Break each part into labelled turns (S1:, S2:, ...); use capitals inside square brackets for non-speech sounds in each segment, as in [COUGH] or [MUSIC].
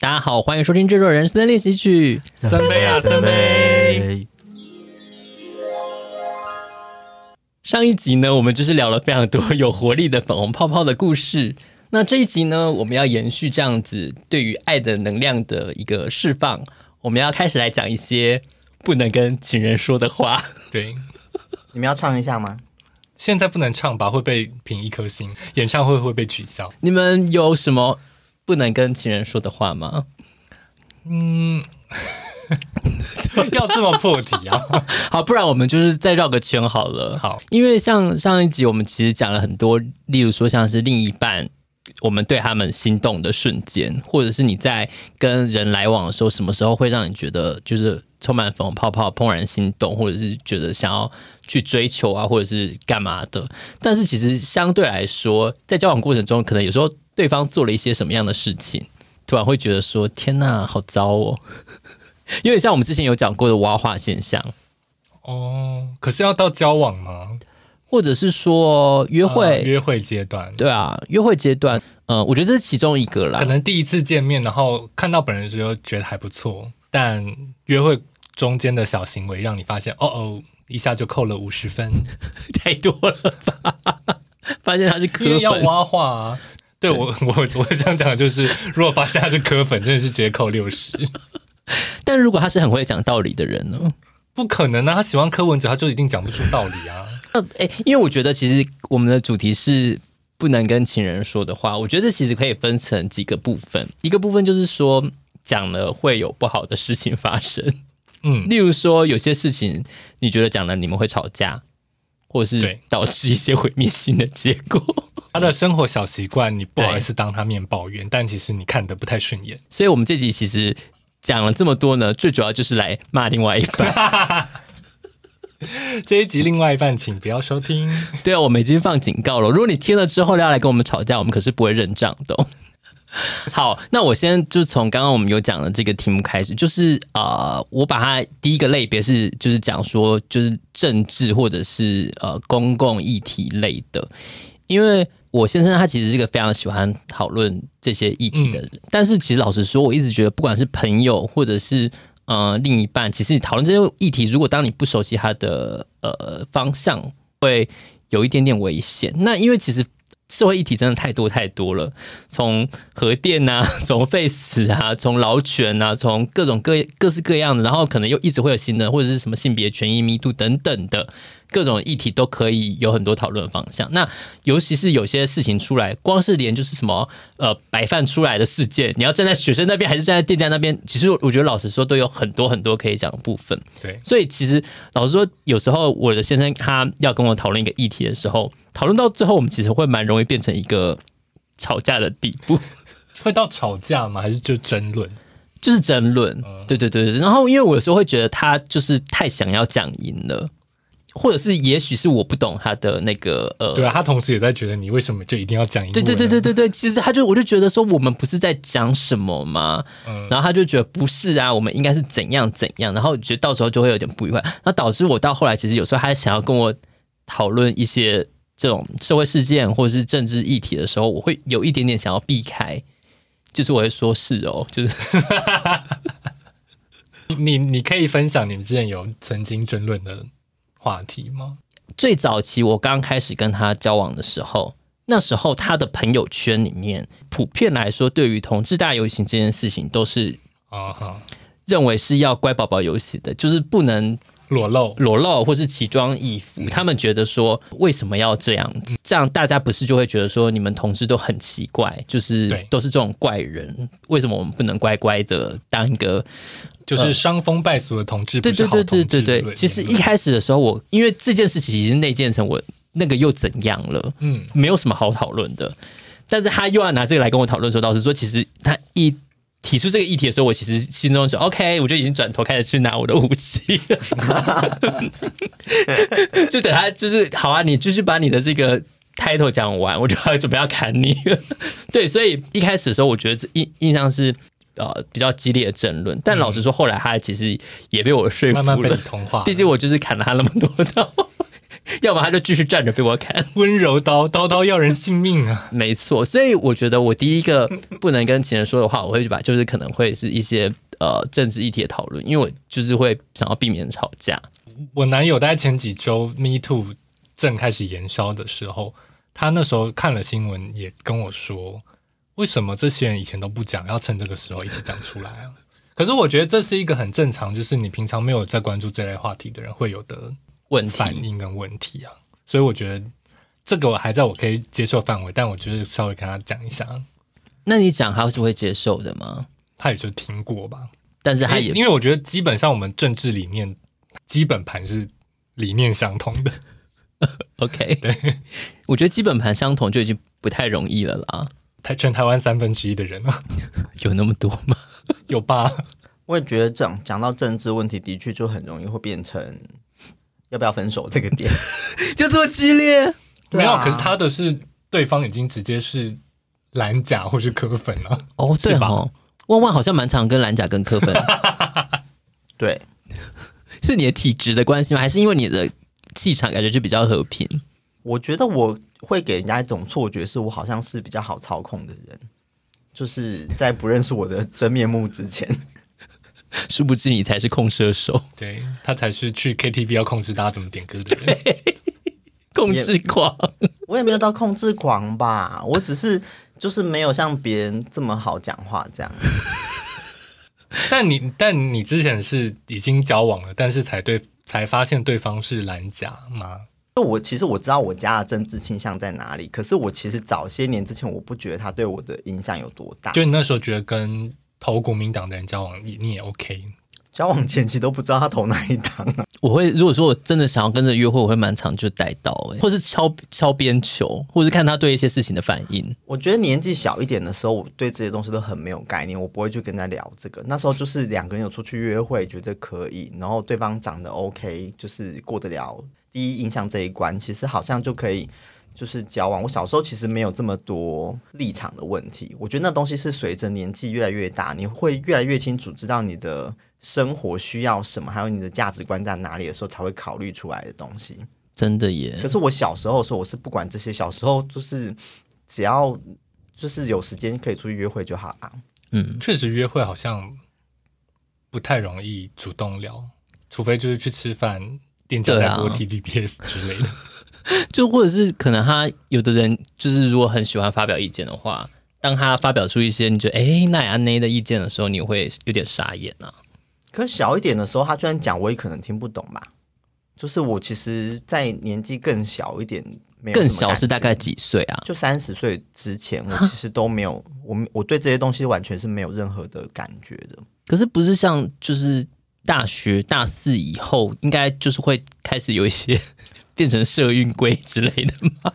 S1: 大家好，歡迎收聽《製作人生的練習曲》。森威啊，森威。上一集呢，我們就是聊了非常多有活力的粉紅泡泡的故事。那這一集呢，我們要延續這樣子對於愛的能量的一個釋放，我們要開始來講一些不能跟情人說的話。對，
S2: [LAUGHS] 你們要唱一下嗎？
S1: 現在不能
S2: 唱吧，會被評一顆星，演唱會會被取消。
S1: 你們有什麼？不能跟情人說的話嗎？
S2: 嗯， [LAUGHS] 要這麼破
S1: 題啊？ [LAUGHS] 好，不然我們就是再繞個圈好了。好，因為像上一集我們其實講了很多，例如說像是另一半，我們對他們心動的瞬間，或者是你在跟人來往的時候，什麼時候會讓你覺得就是充滿粉紅泡泡、怦然心動，或者是覺得想要去追求啊，或者是幹嘛的。但是其實相對來說，在交往過程中，可能有時候。對方做了一些什麼樣的事情，突然會覺得說：“天哪，好糟哦！”因 [LAUGHS] 為像我們之前有講過的蛙化現象。哦，可是要到交往嗎？或者是說約會、呃，約會階段？對啊，約會階段。嗯、呃，我覺得這是其中一個啦。可能
S2: 第一次見面，然後看到本人的時候覺得還不錯，但約會中間的小行為讓你發現，哦哦，一下就扣了五十分， [LAUGHS] 太多了
S1: 吧？ [LAUGHS] 發現他是刻意要蛙化啊
S2: 對我我我想講的就是，如果發現他是柯粉， [LAUGHS] 真的是直接扣六十。
S1: [LAUGHS] 但如果他是很會講道理的人呢？嗯、
S2: 不可能呢、啊，他喜歡柯文哲，他就一定講不出道理啊。
S1: 呃，哎、欸，因為我覺得其實我們的主題是不能跟情人說的話。我覺得這其實可以分成幾個部分。一個部分就是說，講了會有不好的事情發生。嗯，例如說有些事情，你覺得講了你們會吵架。或是導致一些毀滅性的結果。 [LAUGHS] 他的生活小習慣，
S2: 你不好意思當他面抱怨，但其實你看得不太順眼。
S1: 所以我們這集其實講了這麼多呢，最主要就是來罵另外一半。 [LAUGHS] 這一集
S2: 另外一半，請不要收聽。
S1: [LAUGHS] 對啊，我們已經放警告了，如果你聽了之後要來跟我們吵架，我們可是不會認賬的哦。 [LAUGHS] 好，那我先就從剛剛我們有講的這個題目開始，就是呃，我把它第一個類別是就是講說就是政治或者是呃公共議題類的，因為我先生他其實是一個非常喜歡討論這些議題的人，嗯，但是其實老實說，我一直覺得不管是朋友或者是呃另一半，其實你討論這些議題，如果當你不熟悉他的呃方向，會有一點點危險。那因為其實。社會議題真的太多太多了，從核電啊，從廢死啊，從勞權啊，從各種各各式各樣的，然後可能又一直會有新的，或者是什麼性別權益密度等等的。各種議題都可以有很多討論方向。那尤其是有些事情出來，光是連就是什麼呃，白飯出來的事件，你要站在學生那邊還是站在店家那邊？其實我覺得老實說，都有很多很多可以講的部分。對，所以其實老實說，有時候我的先生他要跟我討論一個議題的時候，討論到最後，我們其實會蠻容易變成一個吵架的地步。會到吵架嗎？還是就爭論？就是爭論。對、嗯、對對對。然後因為我有時候會覺得他就是太想要講贏了。或者是，也許是我不懂他的那個呃，對啊，他同時也在覺得你為什麼就一定要講一個？對對對對對對，其實他就我就覺得說我們不是在講什麼嘛、嗯，然後他就覺得不是啊，我們應該是怎樣怎樣，然後覺得到時候就會有點不愉快，那導致我到後來其實有時候他還想要跟我討論一些這種社會事件或者是政治議題的時候，我會有一點點想要避開，就是我會說是哦、喔，就是
S2: [LAUGHS] 你你可以分享你們之前有曾經爭論的。話題嗎？
S1: 最早期我剛開始跟他交往的時候，那時候他的朋友圈裡面普遍來說，對於同志大遊行這件事情，都是啊哈，認為是要乖寶寶遊行的，就是不能裸露、裸露或是奇裝異服。他們覺得說，為什麼要這樣子？這樣大家不是就會覺得說，你們同志都很奇怪，就是都是這種怪人，為什麼我們不能乖乖的當一個？就是傷風敗俗的同志，同志。嗯，對對對對對，對，其實一開始的時候我，我因為這件事情已經內建成，我那個又怎樣了？嗯，沒有什麼好討論的。但是他又要拿這個來跟我討論，說，倒是說，其實他一提出這個議題的時候，我其實心中說，OK，我就已經轉頭開始去拿我的武器了， [LAUGHS] [LAUGHS] [LAUGHS] 就等他，就是好啊，你繼續把你的這個 title 講完，我就要準備要砍你了。對，所以一開始的時候，我覺得這印印象是。呃，比較激烈的爭論。但老實說，後來他其實也被我說服了，畢、嗯、竟我就是砍了他那麼多刀， [LAUGHS] [LAUGHS] 要不然他就繼續站着被我砍。溫柔刀，刀刀要人性命啊！沒錯，所以我覺得我第一個不能跟情人說的話， [LAUGHS] 我會把就是可能會是一些呃政治議題的討論，因為我就是會想要避免吵架。
S2: 我男友在前幾周 Me Too 正開始延燒的時候，他那時候看了新聞，也跟我說。為什麼這些人以前都不講，要趁這個時候一起講出來啊？ [LAUGHS] 可是我覺得這是一個很正常，就是你平常沒有在關注這類話題的人會有的反應跟問題啊。問題。所以我覺得這個我還在我可以接受範圍，但我覺得稍微跟他講一下。那你講他是會接受的嗎？他也就聽過吧，但是他也因為我覺得基本上我們政治理念基本盤是理念相同的。
S1: [LAUGHS] OK，對我覺得基本盤相同就已經不太容易了啦。
S3: 台全台灣三分之一的人
S1: 啊，有那麼多嗎？
S3: [LAUGHS] 有吧。我也覺得這樣講到政治問題，的確就很容易會變成要不要分手這個點， [LAUGHS] 就這麼激烈？沒有，可是他的是對方已經直接是
S2: 藍甲或是柯粉了。哦，對哦。是吧？
S1: 萬萬好像蠻常跟藍甲跟柯粉。 [LAUGHS] 對，是你的體質的關係嗎？還是因為你的氣場感覺就比較和平？
S3: 我覺得我會給人家一種錯覺，是我好像是比較好操控的人，就是在不認識我的真面目之前，
S1: [LAUGHS] 殊不知你才是控射手，對，他才
S2: 是去 KTV 要控制大家怎麼點歌的人，
S1: 控制狂，我也沒有到控制狂吧， [LAUGHS] 我只是
S3: 就是沒有像別人這麼好講話這樣。 [LAUGHS] 但你
S2: 但你之前是已經交往了，但是才對，才發現對方是藍甲嗎？
S3: 就我其實我知道我家的政治傾向在哪裡，可是我其實早些年之前我不覺得他對我的影響有多大。就你那時候覺得跟投國民黨的人交往，你你也 OK？交往前期都不知道他投哪一檔、啊。
S1: 我會如果說我真的想要跟着約會，我會滿常就帶到、欸，或是敲敲邊球，或是看他對一些事情的反應。 [LAUGHS]
S3: 我覺得年紀小一點的時候，我對這些東西都很沒有概念，我不會去跟他聊這個。那時候就是兩個人有出去約會，覺得可以，然後對方長得 OK，就是過得了。第一印象這一關，其實好像就可以就是交往。我小時候其實沒有這麼多立場的問題。我覺得那東西是隨着年紀越來越大，你會越來越清楚知道你的生活需要什麼，還有你的價值觀在哪裡的時候，才會考慮出來的東西。
S1: 真的耶！可
S3: 是我小時候說我是不管這些，小時候就是只要就是有時間可以出去約會就好啊。嗯，
S2: 確實約會好像不太容易主動聊，除非就是去吃飯。對多 T V B
S1: S 之類的，啊、 [LAUGHS] 就或者是可能他有的人就是，如果很喜歡發表意見的話，當他發表出一些你覺得誒那阿 A 的意見的時候，你會有點傻眼啊。
S3: 可是小一點的時候，他居然講，我也可能聽不懂嘛。就是我其實，在年紀更小一點，更小是大
S1: 概幾歲啊？就
S3: 三十歲之前，我其實都沒有，啊、我我對這些東西完全是沒有任何的感覺的。
S1: 可是不是像就是。大學大四以後，應該就是會開始有一些變成社運鬼之類的嗎？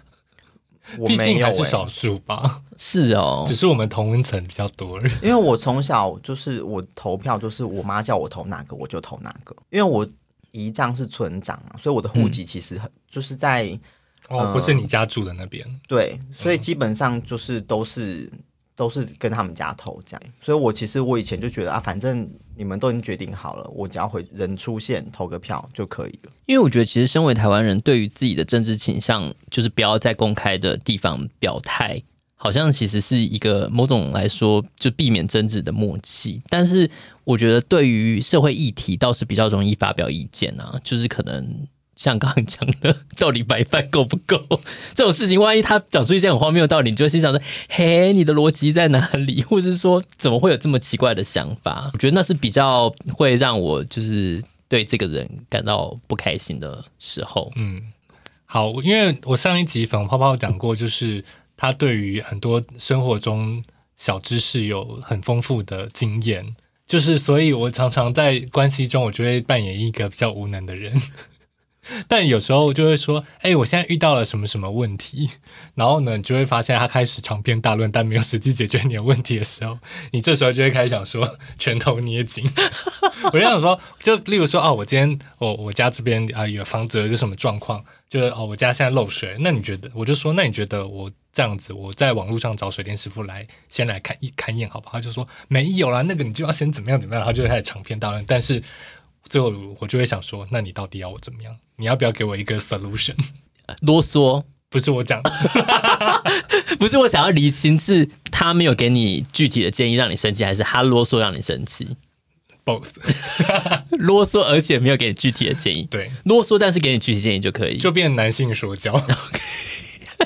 S1: 畢、欸、竟還是少數吧。是哦，只
S3: 是我們同溫層比較多人。因為我從小就是我投票，就是我媽叫我投哪個，我就投哪個。因為我姨丈是村長，所以我的戶籍其實很、嗯、就是在哦，不是你家住的那邊、呃。對，所以基本上就是都是。都是跟他們家投這樣，所以我其實我以前就覺得啊，反正你們都已經決定好了，我只要回人出現投個票就可以了。
S1: 因為我覺得，其實身為台灣人，對於自己的政治傾向，就是不要在公開的地方表態，好像其實是一個某種來說就避免爭執的默契。但是我覺得，對於社會議題，倒是比較容易發表意見啊，就是可能。像剛剛講的，到底白飯夠不夠這種事情，萬一他講出一些很荒謬的道理，你就心想着“嘿，你的邏輯在哪裡？”或者說“怎麼會有這麼奇怪的想法？”我覺得那是比較會讓我就是對這個人感到不開心的時候。嗯，
S2: 好，因為我上一集粉紅泡泡講過，就是他對於很多生活中小知識有很豐富的經驗，就是所以，我常常在關係中，我就會扮演一個比較無能的人。 [LAUGHS] 但有時候就會說，哎、欸，我現在遇到了什麼什麼問題，然後呢，你就會發現他開始長篇大論，但沒有實際解決你的問題的時候，你這時候就會開始想說，拳頭捏緊。 [LAUGHS] 我就想說，就例如說，啊，我今天我、哦、我家這邊啊有房子有個什麼狀況，就是哦我家現在漏水，那你覺得？我就說，那你覺得我這樣子，我在網絡上找水電師傅來先來看一看驗，好不好？他就說沒有啦，那個你就要先怎麼樣怎麼樣，他就開始長篇大論，但是。最後，我就會想說：“那你到底要我怎麼樣？你要不要給我一個 solution？” 囉嗦不是我講，
S1: [LAUGHS] [LAUGHS] 不是我想要釐清，是他沒有給你具體的建議讓你生氣，還是他囉嗦讓你生氣？Both， [LAUGHS] 囉嗦而且沒有給你具體的建議。對，囉嗦但是給你具體建議就可以，就變男性說教。 [LAUGHS]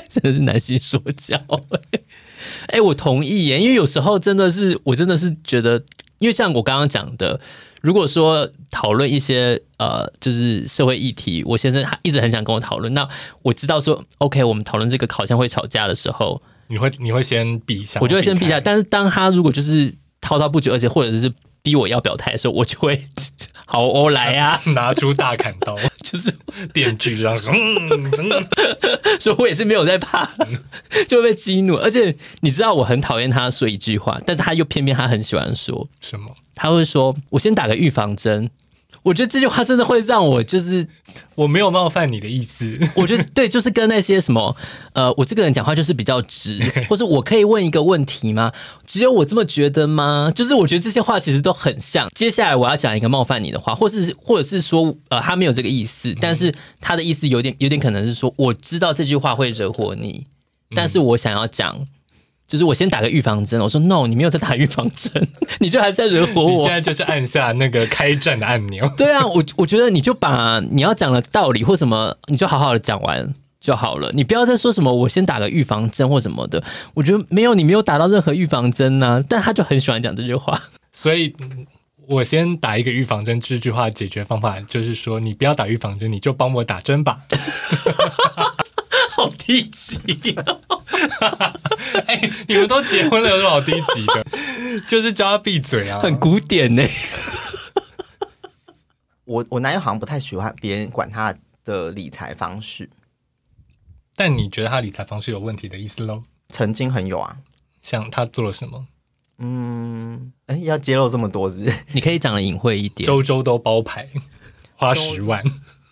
S1: 真的是男性說教、欸。哎、 [LAUGHS] 欸，我同意耶，因為有時候真的是我真的是覺得，因為像我剛剛講的。如果說討論一些呃，就是社會議題，我先生他一直很想跟我討論。那我知道說，OK，我們討論這個好像會吵架的時候，
S2: 你會你會先避
S1: 一下，我就會先避一下。但是當他如果就是滔滔不絕，而且或者是逼我要表態的時候，我就會。 [LAUGHS] 好，我來呀，啊！拿出大砍刀， [LAUGHS] 就是電鋸，這樣說，嗯，真的 [LAUGHS] 所以，我也是沒有在怕， [LAUGHS] 就被激怒。而且，你知道我很討厭他說一句話，但他又偏偏他很喜歡說什麼？他會說：“我先打個預防針。”我覺得這句話真的會讓我就是，我沒有冒犯你的意思。 [LAUGHS] 我覺得對，就是跟那些什麼，呃，我這個人講話就是比較直，或是我可以問一個問題嗎？只有我這麼覺得嗎？就是我覺得這些話其實都很像。接下來我要講一個冒犯你的話，或是或者是說，呃，他沒有這個意思，但是他的意思有點有點可能是說，我知道這句話會惹火你，但是我想要講。嗯就是我先打個預防針，我說 no，你沒有在打預防針，你就還在惹火我。你現在就是按下那個開戰的按鈕。 [LAUGHS] 對啊，我我覺得你就把你要講的道理或什麼，你就好好的講完就好了。你不要再說什麼我先打個預防針或什麼的，我覺得沒有你沒有打到任何預防針呢、啊。但他就很喜歡講這句話，所以我先打
S2: 一個預防針，這句話解決方法就是說你不要打預防針，你就幫我打針吧。 [LAUGHS] [LAUGHS] 低級，哎、 [LAUGHS] 欸，你們都結婚了，有什麼好低級的？就是叫他閉嘴啊，很
S1: 古典呢、欸。
S3: 我我男友好像不太喜歡別人管他的理財方式，
S2: 但你覺得他理財方式有問題的意思嘍？
S3: 曾經很有啊，像他做了什麼？嗯，
S2: 哎、
S3: 欸，要揭露這麼多，是不是？你可以講得隱晦一點。周周都包牌，花十萬，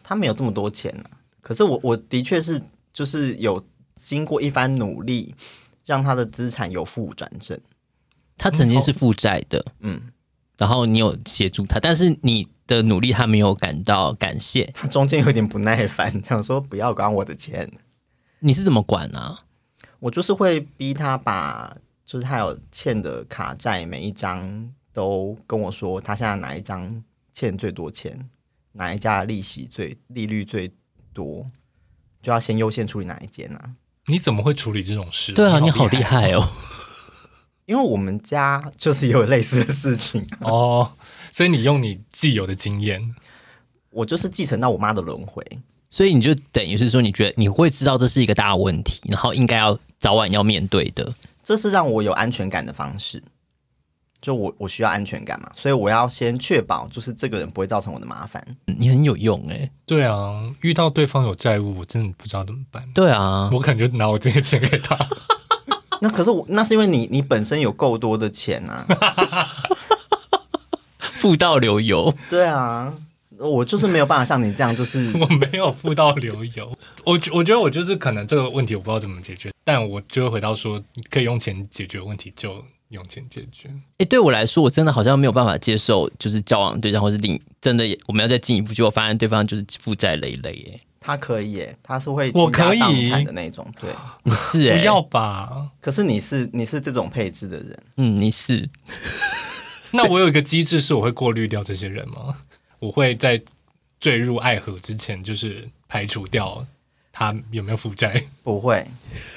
S3: 他沒有這麼多錢啊。可是我我的確是。就是有經過一番努力，讓他的資產由
S1: 負轉正。他曾經是負債的，嗯。然後你有協助他，但是你的努力他沒有感到感謝。他中間有點不耐煩，嗯、想說不
S3: 要管我的錢。你是怎麼管呢？啊？我就是會逼他把，就是他有欠的卡債，每一張都跟我說，他現在哪一張欠最多錢，哪一家的利息最利率最多。就要先優先處理哪一件呢？啊？
S2: 你怎麼會處理這種事？對啊，你好厲害，害
S3: 哦！因為我們家就是有類似的事情哦，oh, 所以你用你既有的經驗，我就是繼承到我媽的輪回，
S1: 所以你就等於是說，你覺得你會知道這是一個大問題，然後應該要早晚要面對的，
S3: 這是讓我有安全感的方式。就我我需要安全感嘛，所以我要先確保，就是這個人不會造成我的麻煩。
S2: 你很有用誒、欸，對啊，遇到對方有債務，我
S3: 真的不知道怎麼辦。對啊，我感覺拿我這些錢給他。 [LAUGHS] 那可是我那是因為你你本身有夠多的錢啊， [LAUGHS] [LAUGHS] 富到流油。 [LAUGHS] 對啊，我就是沒有辦法像你這樣，就是 [LAUGHS] 我沒
S2: 有富到流油。我我覺得我就是可能這個問題我不知道怎麼解決，但我就會回到說，可以用錢解決問題就。用錢解決。
S1: 誒、欸，對我來說，我真的好像沒有辦法接受，就是交往對象，或是另，真的，我們要再進一步，結果發現對方就是負債累累。哎，
S3: 他可以、欸，哎，他是會我可以，傾家蕩產的那種。對，
S1: 是，欸、不
S3: 要吧？可是你是你是這種配置的人，
S1: 嗯，你是。
S3: [LAUGHS] 那我有一個機制，是我會過濾掉這
S2: 些人嗎？我會在墜入愛河之前，就是排除掉他有沒有負債？不會，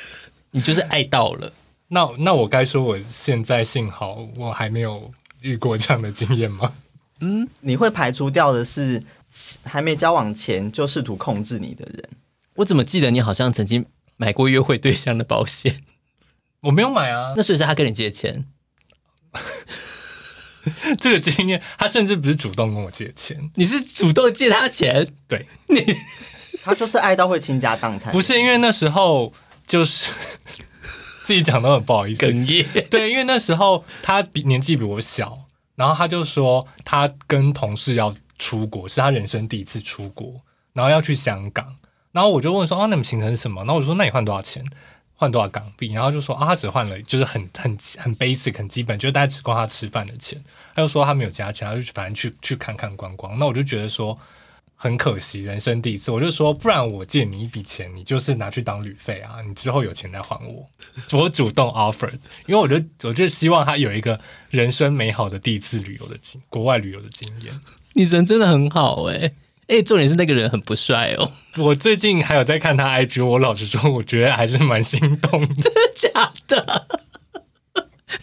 S2: [LAUGHS] 你就是愛到了。 [LAUGHS] 那那我
S3: 該說我現在幸好我還沒有遇過這樣的經驗嗎？嗯，你會排除掉的是還沒交往前就試圖控制你的人。
S1: 我怎麼記得你好像曾經買過約會對象的保險？我沒有買啊。那所以是他跟你借錢？ [LAUGHS] 這個經驗，他甚至不是
S2: 主動跟我借錢，
S1: [LAUGHS] 你是主
S3: 動借他錢？ [LAUGHS] 對你，
S1: 他就是愛到會
S3: 傾家蕩產。 [LAUGHS] 不
S2: 是因為那時候就是。 [LAUGHS] 自己講都很不好意思， [LAUGHS] 對，因為那時候他比年紀比我小，然後他就說他跟同事要出國，是他人生第一次出國，然後要去香港，然後我就問說啊，那你們行程是什麼？那我就說那你換多少錢，換多少港幣？然後就說啊，他只換了，就是很很很 basic，很基本，就大家只管他吃飯的錢。他就說他沒有加錢，他就反正去去看看觀光。那我就覺得說。很可惜，人生第一次，我就說，不然我借你一筆錢，你就是拿去當旅費啊！你之後有錢再還我，我主動 offer，因為我就我就希望他有一個人生美好的第一次旅遊的經，國外旅遊的經驗。你人真的很好哎
S1: 哎，重點是那個人很不帥哦。我最近還
S2: 有在看他 IG，我老實說，我覺得還是蠻心動的， [LAUGHS] 真的假的？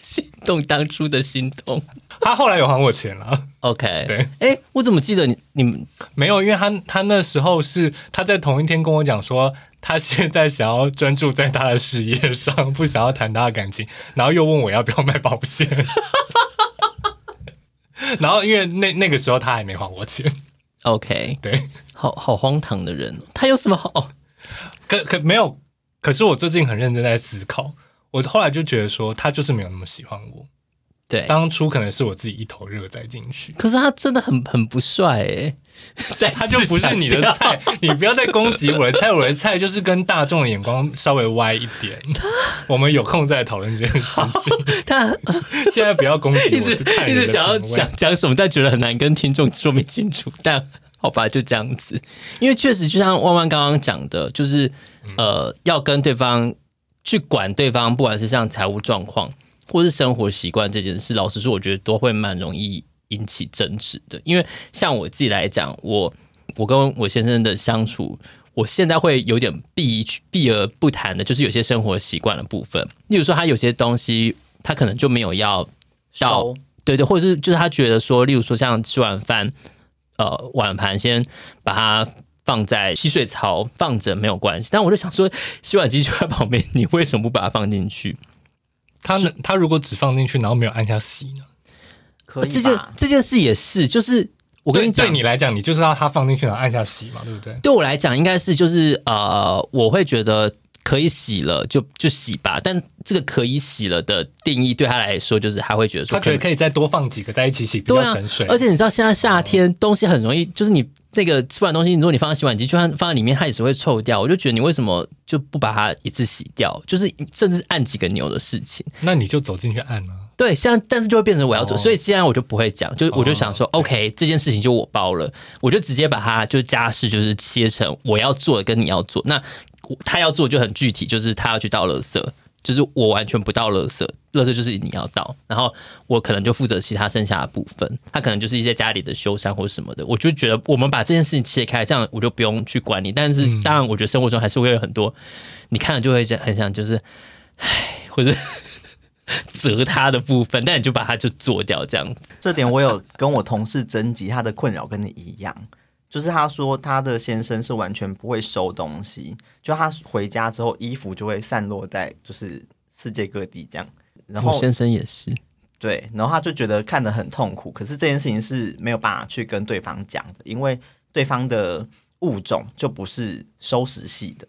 S2: 心動當初的心動，他後來有還我錢了。OK，對，哎，我怎麼記得你你們沒有？因為他他那時候是他在同一天跟我講說，他現在想要專注在他的事業上，不想要談他的感情，
S1: 然後又問我要不要買保險。 [LAUGHS] [LAUGHS]
S2: 然後因為那那個時候他還沒還我錢。
S1: OK，對，好好荒唐的人，
S2: 他有什麼好？哦、可可沒有。可是我最近很認真在思考，我後來就覺得說，他就是沒有那麼喜歡我。對，當初可能是我自己一頭熱栽進去。可是他真的
S1: 很很不帥
S2: 哎、欸，他就不是你的菜， [LAUGHS] 你不要再攻擊我的菜， [LAUGHS] 我的菜就是跟大眾的眼光稍微歪一點。 [LAUGHS] 我們有空再討論這件事情。他 [LAUGHS] 現在不要攻擊我 [LAUGHS] 一，一直想要講
S1: 講什麼，但覺得很難跟聽眾說明清楚。 [LAUGHS] 但好吧，就這樣子，因為確實就像萬萬剛剛講的，就是、嗯、呃，要跟對方去管對方，不管是像財務狀況。或是生活習慣這件事，老實說，我覺得都會蠻容易引起爭執的。因為像我自己來講，我我跟我先生的相處，我現在會有點避避而不談的，就是有些生活習慣的部分。例如說，他有些東西他可能就沒有要到，對對，或者是就是他覺得說，例如說像吃完飯，呃，碗盤先把它放在洗水槽放着沒有關係。但我就想說，洗碗機就在旁邊，你為什麼不把它放進去？他
S2: 能他如果只放進去，然後沒有按下洗呢？
S1: 可以，這件這件事也是，就是
S2: 我跟你講對。對你來講，你就是要他放進去，然後按下洗嘛，對
S1: 不對？對我來講，應該是就是呃，我會覺得可以洗了，就就洗吧。但這個可以洗了的定義對他來說，就是他會覺得說。他可以可以再多放幾個在一起洗比較省水、啊。而且你知道，現在夏天、嗯、東西很容易，就是你。這、那個吃完東西，如果你放在洗碗機，就算放在裡面，它也是會臭掉。我就覺得你為什麼就不把它一次洗掉？就是甚至按幾個鈕的事情，那
S2: 你就走進去按了、
S1: 啊。對，在，但是就會變成我要做，哦、所以現在我就不會講，就我就想說、哦、，OK，這件事情就我包了，我就直接把它就家事，就是切成我要做的跟你要做。那他要做就很具體，就是他要去倒垃圾。就是我完全不倒垃圾，垃圾就是你要倒。然後我可能就負責其他剩下的部分。他可能就是一些家裡的修繕或什麼的，我就覺得我們把這件事情切開，這樣我就不用去管你。但是當然，我覺得生活中還是會有很多，嗯、你看了就會想很想就是，哎，或者責他的部分，但你就把它就做掉這樣
S3: 子。這點我有跟我同事徵集，他的困擾跟你一樣。就是他說他的先生是完全不會收東西，就他回家之後衣服就會散落在就是世界各地這樣。然後先生也是。對，然後他就覺得看得很痛苦。可是這件事情是沒有辦法去跟對方講的，因為對方的物種就不是收拾系的。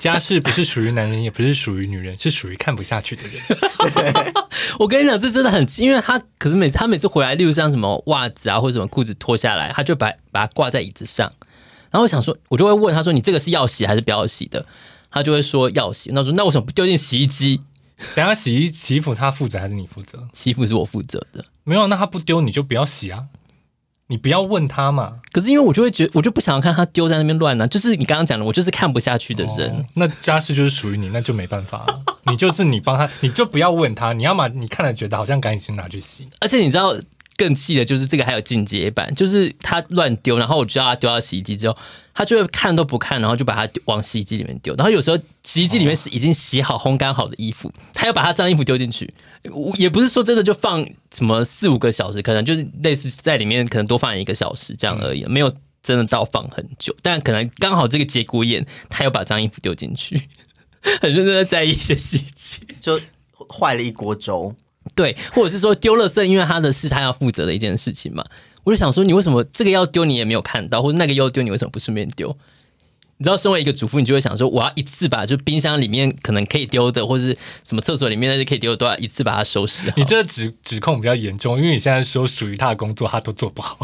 S2: [LAUGHS] 家事不是屬於男人，也不是屬於女人，是屬於看不下去的
S1: 人。 [LAUGHS] 對 [LAUGHS] 我跟你講，這真的很，因為他可是每次他每次回來，例如像什麼襪子啊，或者什麼褲子脫下來，他就把把它掛在椅子上。然後我想說，我就會問他說：“你這個是要洗還是不要洗的？”他就會說：“要洗。”那說：“那為什麼不丟進洗衣機？等下洗衣洗衣服他負責還是你負責？”洗衣服是我負責的，沒有，那他不丟你就不要洗啊。你不要問他嘛，可是因為我就會覺，我就不想要看他丟在那邊亂呢。就是你剛剛講的，我就是看不下去的人。哦、
S2: 那家事就是屬於你， [LAUGHS] 那就沒辦法、啊。你就是你幫他，你就不要問他。你要嘛你看了覺得好像趕緊去拿去洗。
S1: 而且你知道更氣的就是這個還有進階版，就是他亂丟，然後我叫他丟到洗衣機之後，他就會看都不看，然後就把他往洗衣機裡面丟。然後有時候洗衣機裡面是已經洗好、烘乾好的衣服，哦、他要把他髒衣服丟進去。也不是說真的就放什麼四五個小時，可能就是類似在裡面可能多放一個小時這樣而已，沒有真的到放很久。但可能剛好這個節骨眼，他又把髒衣服丟進去，很認真的在，在意一些事情，
S3: 就壞了一鍋粥。
S1: 對，或者是說丟垃圾，是因為他的事他要負責的一件事情嘛。我就想說，你為什麼這個要丟你也沒有看到，或者那個要丟你為什麼不順便丟？你知道，身為一個主婦，你就會想說，我要一次把就冰箱裡面可能可以丟的，或者是什麼廁所裡面那些可以丟的，都要一次把它收拾好。你這
S2: 個指指控比較嚴重，因為你現在說屬於他的工作，他都
S1: 做不好。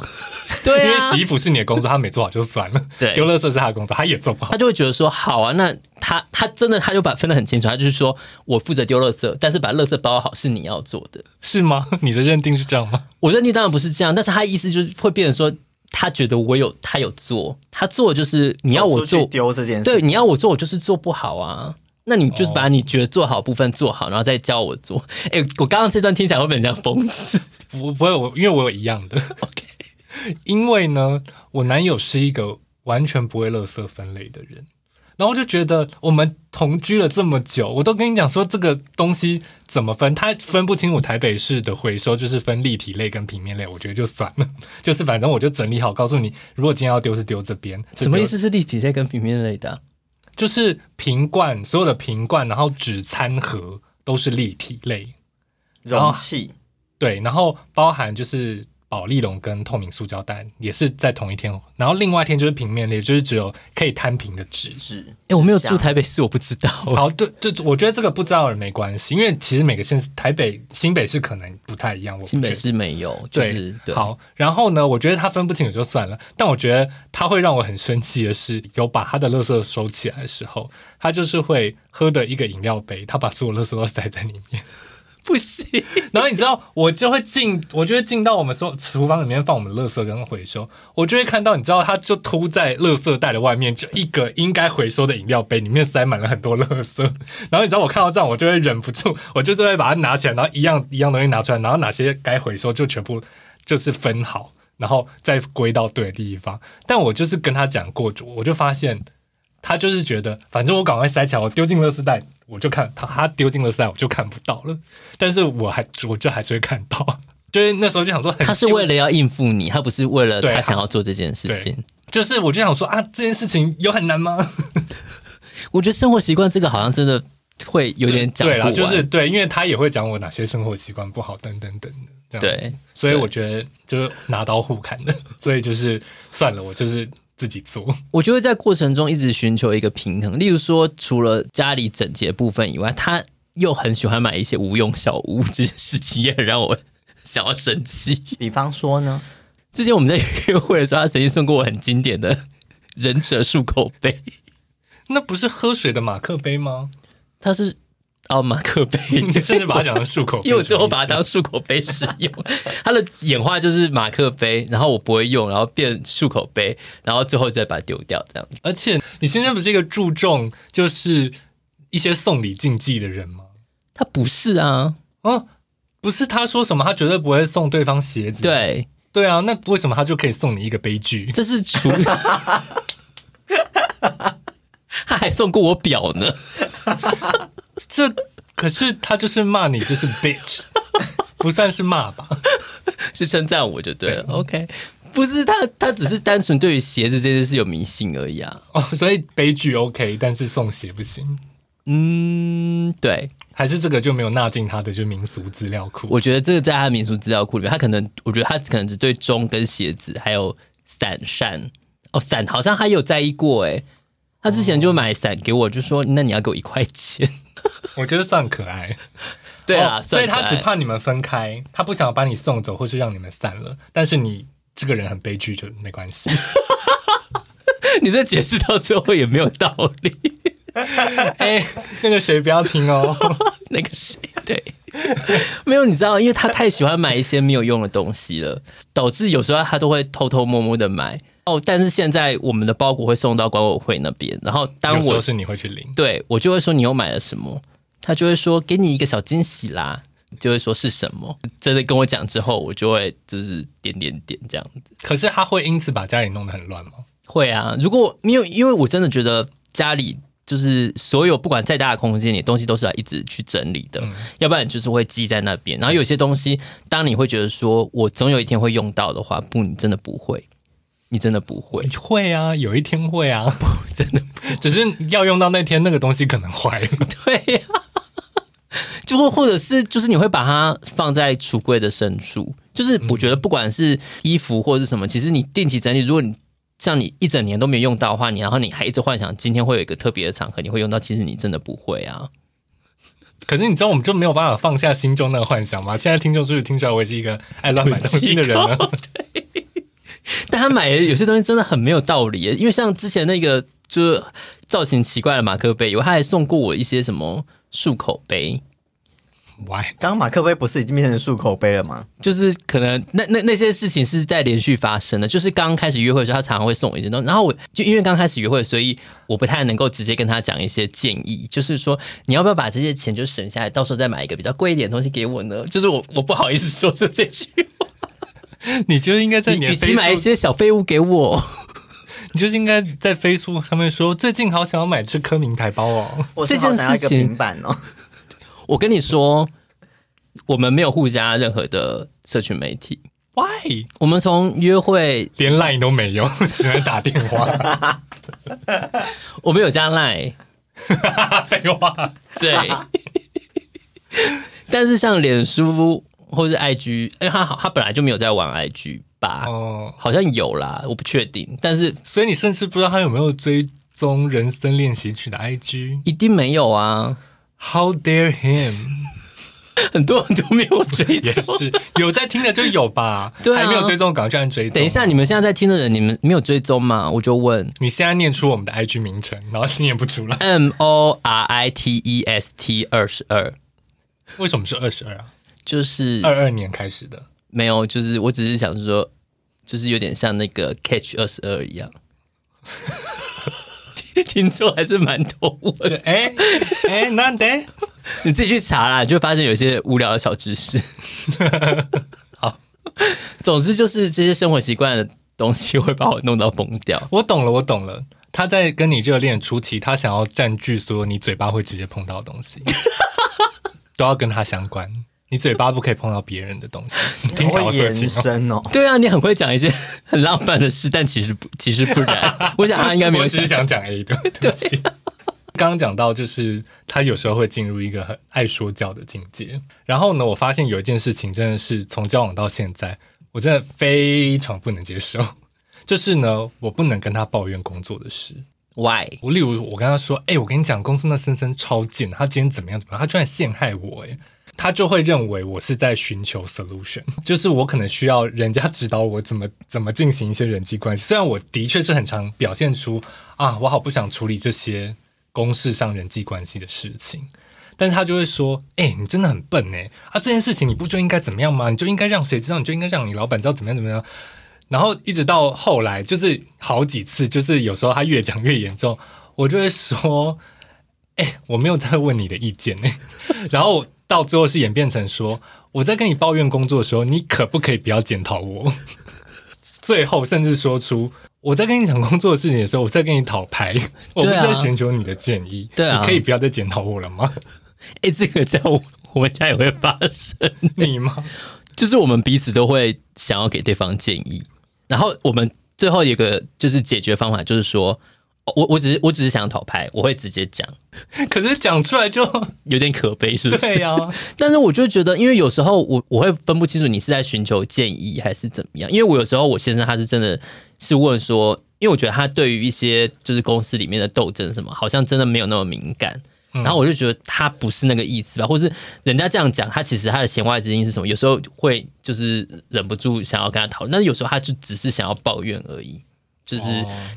S1: 對啊，因為洗衣服是你的工作，他沒做好就算了。對，丟垃圾是他的工作，他也做不好。他就會覺得說，好啊，那他他真的他就把分得很清楚，他就是說我負責丟垃圾，但是把垃圾包好是你要做的，是嗎？你的認定是這樣嗎？我認定當然不是這樣，但是他意思就是會變成說。他覺得我有，他有做，他做就是你要我做丟這件事，對，你要我做，我就是做不好啊。那你就是把你覺得做好部分做好，oh. 然後再教我做。哎，我剛剛這段聽起來會不會很像諷刺？ [LAUGHS] 不，不會，我因為我有一樣
S2: 的。Okay. 因為呢，我男友是一個完全不會垃圾分類的人。然後就覺得我們同居了這麼久，我都跟你講說這個東西怎麼分，他分不清楚我台北市的回收就是分立體類跟平面類，我覺得就算了，就是反正我就整理好告訴你，如果今天要丟是丟這邊。什麼意思是
S1: 立體類跟平面
S2: 類的啊？就是瓶罐所有的瓶罐，然後紙餐盒都是立體類容器，對，然後包含就是。寶麗龍跟透明塑膠袋也是在同一天，然後另外一天就是平面類，就是只有可以攤平的紙。哎，我沒有住台北市，我不知道。好，對對，我覺得這個不知道也沒關係，因為其實每個縣台北、新北市可能不太一樣。我新北市
S1: 沒有、就是，對，好。
S2: 然後呢，我覺得他分不清楚就算了，但我覺得他會讓我很生氣的是，有把他的垃圾收起來的時候，他就是會喝的一個飲料杯，他把所有垃圾都塞在裡面。不行，然後你知道，我就會進，我就會進到我們說廚房裡面放我們垃圾跟回收，我就會看到，你知道，它就凸在垃圾袋的外面，就一個應該回收的飲料杯裡面塞滿了很多垃圾，然後你知道，我看到這樣，我就會忍不住，我就就會把它拿起來，然後一樣一樣東西拿出來，然後哪些該回收就全部就是分好，然後再歸到對的地方，但我就是跟他講過，我就發現。他就是覺得，反正我趕快塞起來，我丟進垃圾袋，我就看他，他丟進垃圾袋，我就看不到了。但是我還，我就還是會看到。
S1: 就是那時候就想說，他是為了要應付你，他不是為了他想要做這件事情。啊，
S2: 就是我就想說啊，這件事情有很難嗎？
S1: [LAUGHS] 我覺得生活習慣這個好像真的會有點講不完。對了，就是對，因為
S2: 他也會講我哪些生活習慣不好，等等等，等的這樣對。對，所以我覺得就是拿刀互砍的，所以就是算了，我就是。自己做，
S1: 我就會在過程中一直尋求一個平衡。例如說，除了家裡整潔部分以外，他又很喜歡買一些無用小物，這些事情也很讓我想要生氣。比方說呢，之前我們在約會的時候，他曾經送過我很經典的忍者漱口杯，那不是喝水的馬克杯嗎？他是。哦、oh,，馬克杯，你甚至把它講成漱口杯， [LAUGHS] 因為我最後把它當漱口杯使用。它 [LAUGHS] 的演化就是馬克杯，然後我不會用，然後變漱口杯，然後最後再把它丟掉這樣子。而且，你先
S2: 生不是一個注重就是一些送禮禁忌的人嗎？他不是啊，哦，不是。他說什麼，他絕對不會送對方鞋子。對，對啊。那為什麼他就可以送你一個杯具？這是除了，他還送過我錶呢。 [LAUGHS] 這可是他就是
S1: 罵你就是 bitch，不算是罵吧， [LAUGHS] 是稱讚我就對了。對 OK，不是他他只是單純對於鞋子這件事有迷信而已啊。哦、oh，，所以
S2: 悲劇 OK，但是送鞋不行。嗯，
S1: 對，還是這個就沒有納
S2: 進他的就是、民俗資料庫。我
S1: 覺得這個在他的民俗資料庫裡面，他可能我覺得他可能只對鐘跟鞋子還有傘扇哦，oh, 傘好像他有在意過誒，他之前就買傘、oh. 給我，就說那你要給我一塊錢。
S2: 我覺得算可愛，
S1: 對啊、哦，所以他只怕
S2: 你們分開，他不想把你送走或是讓你們散了，但是你這個人很悲劇，就沒關係。
S1: [LAUGHS] 你這解釋到最後也沒有道理。
S2: 哎、 [LAUGHS] 欸，那個誰不要聽哦， [LAUGHS] 那個誰，
S1: 對，沒有，你知道，因為他太喜歡買一些沒有用的東西了，導致有時候他都會偷偷摸摸的買。哦，但是現在我們的包裹會送到管委會那邊，然後當我有時候是你會去領，對我就會說你又買了什麼，他就會說給你一個小驚喜啦，就會說是什麼，真的跟我講之後，我就會就是點點點這樣子。
S2: 可是他會因此把家裡弄得很亂嗎？
S1: 會啊，如果沒有，因為我真的覺得家裡就是所有不管再大的空間，你東西都是要一直去整理的，嗯、要不然就是會積在那邊。然後有些東西，當你會覺得說我總有一天會用到的話，不，你真的不會。你真的不會？會啊，有一天會啊。真的，
S2: 只是要用到那天那個東西可能壞了。 [LAUGHS] 對
S1: 呀、啊，就或或者是，就是你會把它放在櫥櫃的深處。就是我覺得不管是衣服或者是什麼、嗯，其實你定期整理，如果你像你一整年都沒有用到的話，你然後你還一直幻想今天會有一個特別的場合你會用到，其實你真的不會啊。可是你知道我們就沒有辦
S2: 法放下心中那個幻想嗎？現在聽眾是不是聽出來我是一個愛亂買東西的人呢？
S1: [LAUGHS] [LAUGHS] 但他買的有些東西真的很沒有道理，因為像之前那個就是造型奇怪的馬克杯，他還送過我一些什麼漱口杯。
S3: Why？剛馬克杯不是已經變成漱口杯了嗎？
S1: 就是可能那那那些事情是在連續發生的。就是剛開始約會的時候，他常常會送我一些東西，然後我就因為剛開始約會，所以我不太能夠直接跟他講一些建議，就是說你要不要把這些錢就省下來，到時候再買一個比較貴一點的東西給我呢？就是我我不好意思說出這句話。 [LAUGHS] 你就應該在你與其買一些小廢物給我，
S2: [LAUGHS] 你就是應該在 Facebook 上面說最近
S1: 好想要買只柯明台包哦，最近想要一個平板哦。我跟你說，我們沒有互加任何的社群媒體。Why？我們從約會連 Line 都沒有， [LAUGHS] 只能打電話。 [LAUGHS] 我沒有加 Line， [LAUGHS] 廢話。 [LAUGHS] 對， [LAUGHS] 但是像臉書。或者是 I G，因為他好，他本來就沒有在玩 I G 吧？哦、oh，好像有啦，我不確定。
S2: 但是，所以你甚至不知道他有沒有追蹤人生練習曲的 I G，一定沒有啊！How dare him？ [LAUGHS] 很多人都沒有追蹤， [LAUGHS] 也是有在聽的就有吧？ [LAUGHS] 對、啊，還沒有追蹤，趕快就按
S1: 追蹤！等一下，你們現在在聽的人，你們沒有追蹤嗎？我就問，你現在念出我們的 I G 名稱，然後你念不出來。M O R I T E S T 二十二，
S2: 為什麼是二十二啊？就是二二年開始的。
S1: 沒有，就是我只是想說，就是有點像那個 Catch 二十二一樣， [LAUGHS] 聽說還是蠻妥的。哎
S2: 哎，難、欸、得、欸，
S1: 你自己去查啦，就會發現有些無聊的小知識。 [LAUGHS] 好，總之就是這些生活習慣的東西會把我弄到崩掉。我懂了，我懂了。他在跟你這個熱戀
S2: 初期，他想要佔據所有你嘴巴會直接碰到的東西，
S1: [LAUGHS] 都要跟
S2: 他相關。你嘴巴不可以碰到別人的東西， [LAUGHS] 你會延伸
S1: 哦。 [LAUGHS] 對啊，你很會
S2: 講一些很浪漫的事， [LAUGHS] 但其實不，其實不然。 [LAUGHS] 我想他應該沒有想 [LAUGHS] 我只是想講 A 的東西。剛 [LAUGHS] 對、啊、 [LAUGHS] 剛講到，就是他有時候會進入一個很愛說教的境界。然後呢，我發現有一件事情真的是從交往到現在，我真的非常不能接受，就是呢，我不能跟他抱怨工作的事。Why？我例如我跟他說：“哎、欸，我跟你講，公司那森森超賤，他今天怎麼樣？怎麼樣？他居然陷害我、欸！”他就會認為我是在尋求 solution，就是我可能需要人家指導我怎麼怎麼進行一些人際關係。雖然我的確是很常表現出啊，我好不想處理這些公事上人際關係的事情，但是他就會說：“哎、欸，你真的很笨呢！啊，這件事情你不就應該怎麼樣嗎？你就應該讓誰知道，你就應該讓你老板知道怎麼樣怎麼樣。”然後一直到後來，就是好幾次，就是有時候他越講越嚴重，我就會說：“哎、欸，我沒有在問你的意見呢。 [LAUGHS] ”然後。到最後是演變成說，我在跟你抱怨工作的時候，你可不可以不要檢討我？最後甚至說出我在跟你講工作的事情的時候，我在跟你討拍、對啊，我不是在尋求你的建議對、啊，你可以不要再檢討我了嗎？誒、欸，這個在我我們家
S1: 也會發生， [LAUGHS] 你嗎？就是我們彼此都會想要給對方建議，然後我們最後一個就是解決方法就是說。我我只是我只是想討拍，我會直接講，可是講出來就 [LAUGHS] 有點可悲，是不是？對呀、啊。但是我就覺得，因為有時候我我會分不清楚你是在尋求建議還是怎麼樣。因為我有時候我先生他是真的是問說，因為我覺得他對於一些就是公司裡面的鬥爭什麼，好像真的沒有那麼敏感。然後我就覺得他不是那個意思吧，嗯、或是人家這樣講，他其實他的弦外之音是什麼？有時候會就是忍不住想要跟他討論，但是有時候他就只是想要抱怨而已。就是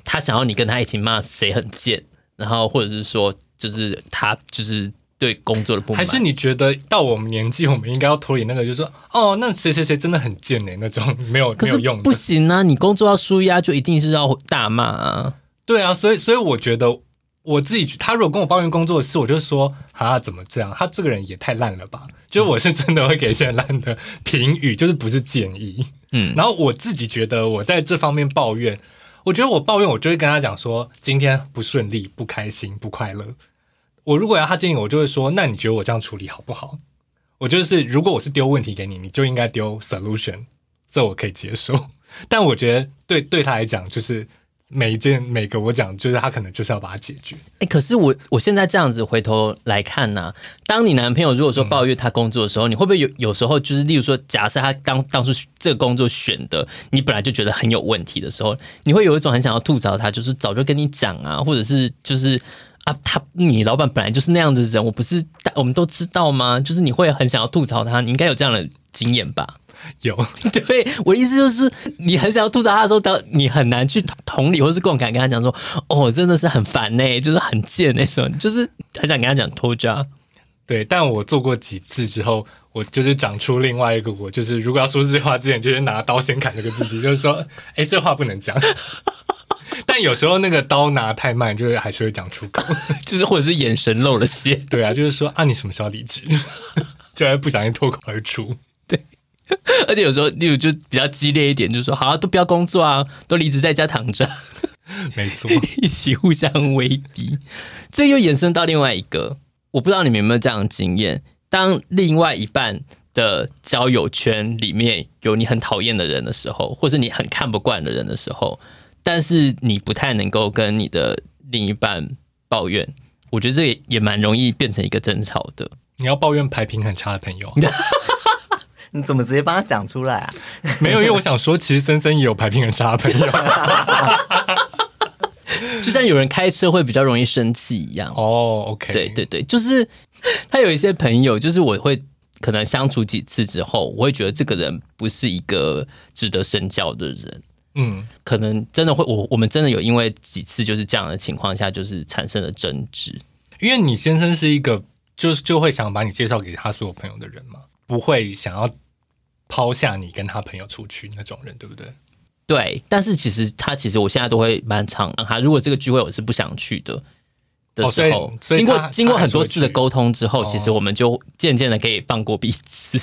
S1: 他想要你跟他一起罵誰很賤、哦，然後或者是說，就是他就是對工作的不滿。還是你
S2: 覺得到我們年紀，我們應該要脫離那個，就是說哦，那誰誰誰真的很賤呢那種沒有
S1: 沒有用的，不行啊！你工作要紓壓，就一定是要大罵
S2: 啊。對啊，所以所以我覺得我自己，他如果跟我抱怨工作的事，我就說啊，怎麼這樣？他這個人也太爛了吧！就我是真的會給一些爛的評語，嗯、就是不是建議。嗯，然後我自己覺得我在這方面抱怨，我覺得我抱怨，我就會跟他講說，今天不順利、不開心、不快樂。我如果要他建議，我就會說：那你覺得我這樣處理好不好？我覺得是如果我是丟問題給你，你就應該丟 solution，這我可以接受。但我覺得對對他來講就是。每一件每個我講，就是他可能就是要把它解
S1: 決，哎，可是我我現在這樣子回頭來看吶，當你男朋友如果說抱怨他工作的時候，嗯，你會不會有有時候就是，例如說，假設他當當初這個工作選的，你本來就覺得很有問題的時候，你會有一種很想要吐槽他，就是早就跟你講啊，或者是就是啊，他你老闆本來就是那樣子的人，我不是我們都知道嗎？就是你會很想要吐槽他，你應該有這樣的經驗吧？有，對，我意思就是，你很想要吐槽他的時候，當你很難去同理或是共感，跟他講說，哦，真的是很煩呢、欸，就是很賤，那時候就是很想跟他講拖渣。
S2: 對，但我做過幾次之後，我就是長出另外一個我，就是如果要說這句話之前，就是拿刀先砍這個自己， [LAUGHS] 就是說，哎，這話不能講。 [LAUGHS] 但有時候那個刀拿得太慢，就是還是會講出口， [LAUGHS] 就是或者是眼神漏了些。對啊，就是說啊，你什麼時候要離職？ [LAUGHS] 就是不小心脫口而出。
S1: 而且有時候，例如就比較激烈一點，就是說，好像都不要工作啊，都離職在家躺着，沒錯， [LAUGHS] 一起互相威逼。這又延伸到另外一個，我不知道你們有沒有這樣的經驗：當另外一半的交友圈裡面有你很討厭的人的時候，或是你很看不慣的人的時候，但是你不太能夠跟你的另一半抱怨，我覺得這也也蠻容易變成一個爭吵的。
S2: 你要抱怨排評很差的朋
S3: 友。 [LAUGHS] 你怎麼直接幫他講出來啊？
S1: 沒有，因為我想說，其實森森也
S2: 有牌品很差的朋友 [LAUGHS] ，
S1: [LAUGHS] 就像有人開車會比較容易生氣一樣。哦、oh,，OK，對對對，就是他有一些朋友，就是我會可能相處幾次之後，我會覺得這個人不是一個值得深交的人。嗯，可能真的會，我我們真的有因為幾次就是這樣的情況下，就是產生了爭執。
S2: 因為你先生是一個就是就會想把你介紹給他所有朋友的人嗎？不會想要拋下你跟他朋友出去那種人，對不對？
S1: 對，但是其實他其實我現在都會蠻常讓他，如果這個聚會我是不想去的、
S3: 哦、的時候，經過經過很多次
S1: 的溝通之後、哦，其實我們就漸漸的可以放過彼此。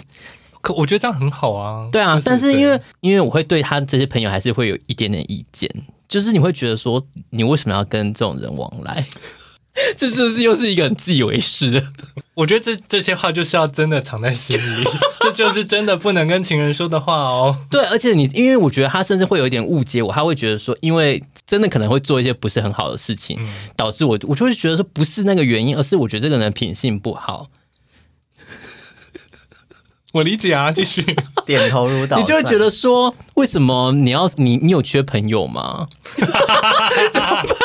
S1: 可我覺得這樣很好啊，對啊。就是、但是因為因為我會對他這些朋友還是會有一點點意見，就是你會覺得說你為什麼要跟這種人往來？這是不是又是一個很自以為是的？
S2: 我覺得這這些話就是要真的藏在心裡， [LAUGHS] 這就是真的不能跟情人說的話哦。
S1: 對，而且你，因為我覺得他甚至會有一點誤解我，他會覺得說，因為真的可能會做一些不是很好的事情，嗯、導致我，我就會覺得說，不是那個原因，而是我覺得這個人的品性不好。
S2: 我理解啊，繼續點頭如搗蒜，你就會覺得
S1: 說，為什麼你要你你有缺朋友嗎？ [LAUGHS] 怎麼辦？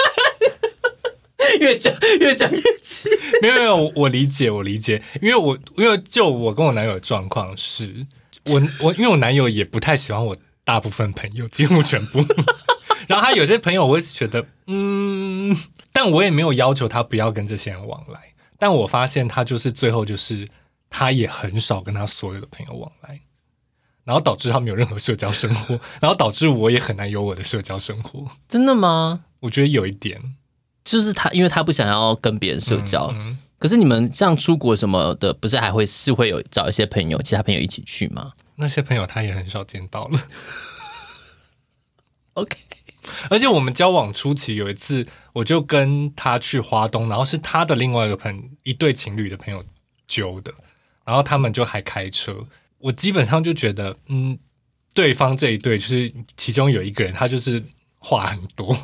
S2: 越講，越講越講越氣。沒有沒有，我理解我理解，因為我因為就我跟我男友的狀況是我我因為我男友也不太喜歡我大部分朋友，幾乎全部， [LAUGHS] 然後他有些朋友我會覺得嗯，但我也沒有要求他不要跟這些人往來，但我發現他就是最後就是他也很少跟他所有的朋友往來，然後導致他沒有任何社交生活，然後導致我
S1: 也很難有我的社交生活，真的嗎？我覺得有一點。就是他，因為他不想要跟別人社交、嗯嗯。可是你們像出國什麼的，不是還會是會有找一些朋友，其他朋友一起去嗎？那
S2: 些朋友他也很少見到了。 [LAUGHS] OK，而且我們交往初期有一次，我就跟他去花東，然後是他的另外一個朋友一對情侶的朋友揪的，然後他們就還開車。我基本上就覺得，嗯，對方這一對就是其中有一個人，他就是話很多。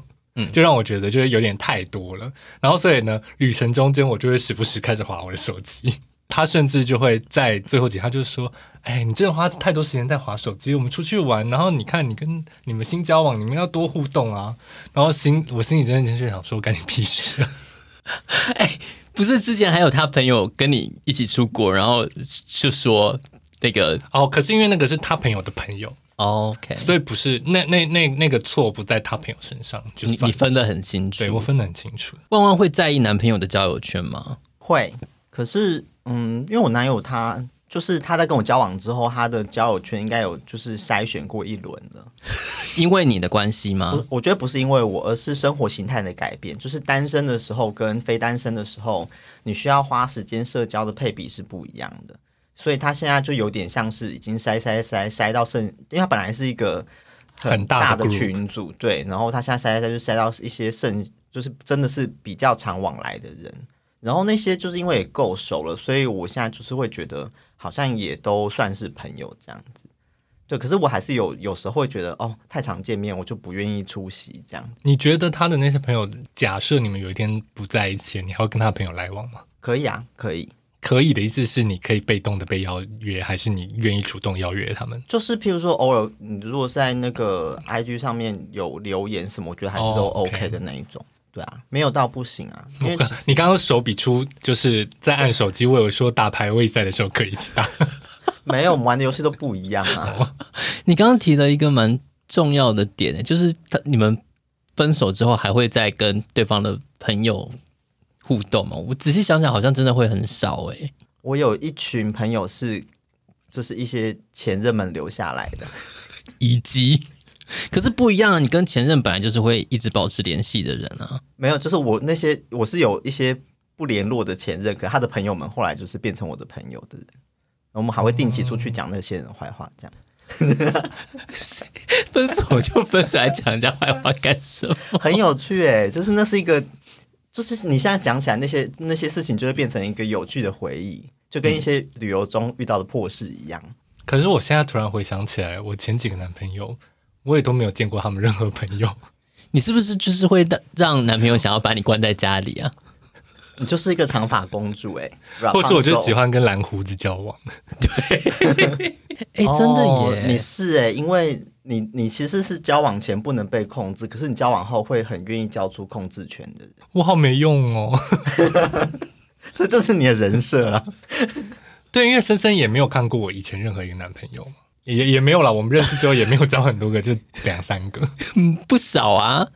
S2: 就讓我覺得就是有點太多了，然後所以呢，旅程中間我就會時不時開始划我的手機，他甚至就會在最後幾，他就說：“哎、欸，你真的花太多時間在划手機，我們出去玩，然後你看你跟你們新交往，你們要多互動啊。”然後心我心裡真的就是想說干你屁事啊。
S1: 哎、 [LAUGHS] 欸，不是之前還有他朋友跟你一起出國，然後就說那個
S2: 哦，可是因為那個是他朋友的朋友。OK，
S1: 所以不是那那那那個錯不在他朋友身上，就是你分得很清楚。對，我分得很清楚。萬萬會在意男朋友的交友圈嗎？
S3: 會，可是嗯，因為我男友他就是他在跟我交往之後，他的交友圈應該有就是篩選過一輪的。
S1: [LAUGHS] 因為你的關係嗎？我，
S3: 我覺得不是因為我，而是生活形態的改變。就是單身的時候跟非單身的時候，你需要花時間社交的配比是不一樣的。所以他現在就有點像是已經篩篩篩篩到剩，因為他本來是一個很大的群組，對，然後他現在篩篩就篩到一些剩，就是真的是比較常往來的人。然後那些就是因為也夠熟了，所以我現在就是會覺得好像也都算是朋友這樣子。對，可是我還是有有時候會覺得，哦，太常見面，我就不願意出席這樣。
S2: 你覺得他的那些朋友，假設你們有一天不在一起，你還會跟他的朋友來往嗎？可以啊，可以。可以的意思是你可以被動的被邀約，還是你願意主動邀約他們？
S3: 就是譬如說，偶爾你如果在那個 IG 上面有留言什麼，我覺得還是都 OK 的那一種，oh, okay. 對啊，沒有到不行啊。
S2: 你剛剛手比出就是在按手機， [LAUGHS] 我有說打排位賽的時候可以打，
S3: [LAUGHS] [LAUGHS] 沒有，我們玩的遊戲都不一樣啊。Oh.
S1: 你剛剛提了一個蠻重要的點欸，就是他你們分手之後還會再跟對方的朋友互動嘛？我仔細想想，好像真的會很少誒、欸，
S3: 我有一群朋友是，就是一些前任們留下來的，
S1: 以 [LAUGHS] 及，可是不一樣。你跟前任本來就是會一直保持聯繫的人啊。
S3: 沒有，就是我那些我是有一些不聯絡的前任，可他的朋友們後來就是變成我的朋友的人，我們還會定期出去講那些人壞話，這樣。分 [LAUGHS] 手 [LAUGHS] 就分手，還講人家壞話幹什麼？ [LAUGHS] 很有趣誒、欸，就是那是一個。就是你現在講起來那些那些事情，就會變成一個有趣的回憶，就跟一些旅遊中遇到的破事一樣、
S2: 嗯。可是我現在突然回想起來，我前幾個男朋友，我也都沒有
S1: 見過他們任何朋友。你是不是就是會讓男朋友想要把你關在家裡啊？你就是一個長髮公主誒、欸， [LAUGHS] 或是我就喜歡跟藍鬍子交往。
S3: 對，哎、 [LAUGHS] 欸，真的耶，哦、你是誒、欸，因為。你你其實是交往前不能被控制，可是你交往後會很願意交出控制權的
S2: 人。我好沒用哦， [LAUGHS] [LAUGHS] 這就是你的人設啊。對，因為森森也沒有看過我以前任何一個男朋友，也也沒有啦。我們認識之後也沒有交很多個， [LAUGHS] 就兩三個。
S1: 嗯，不少啊。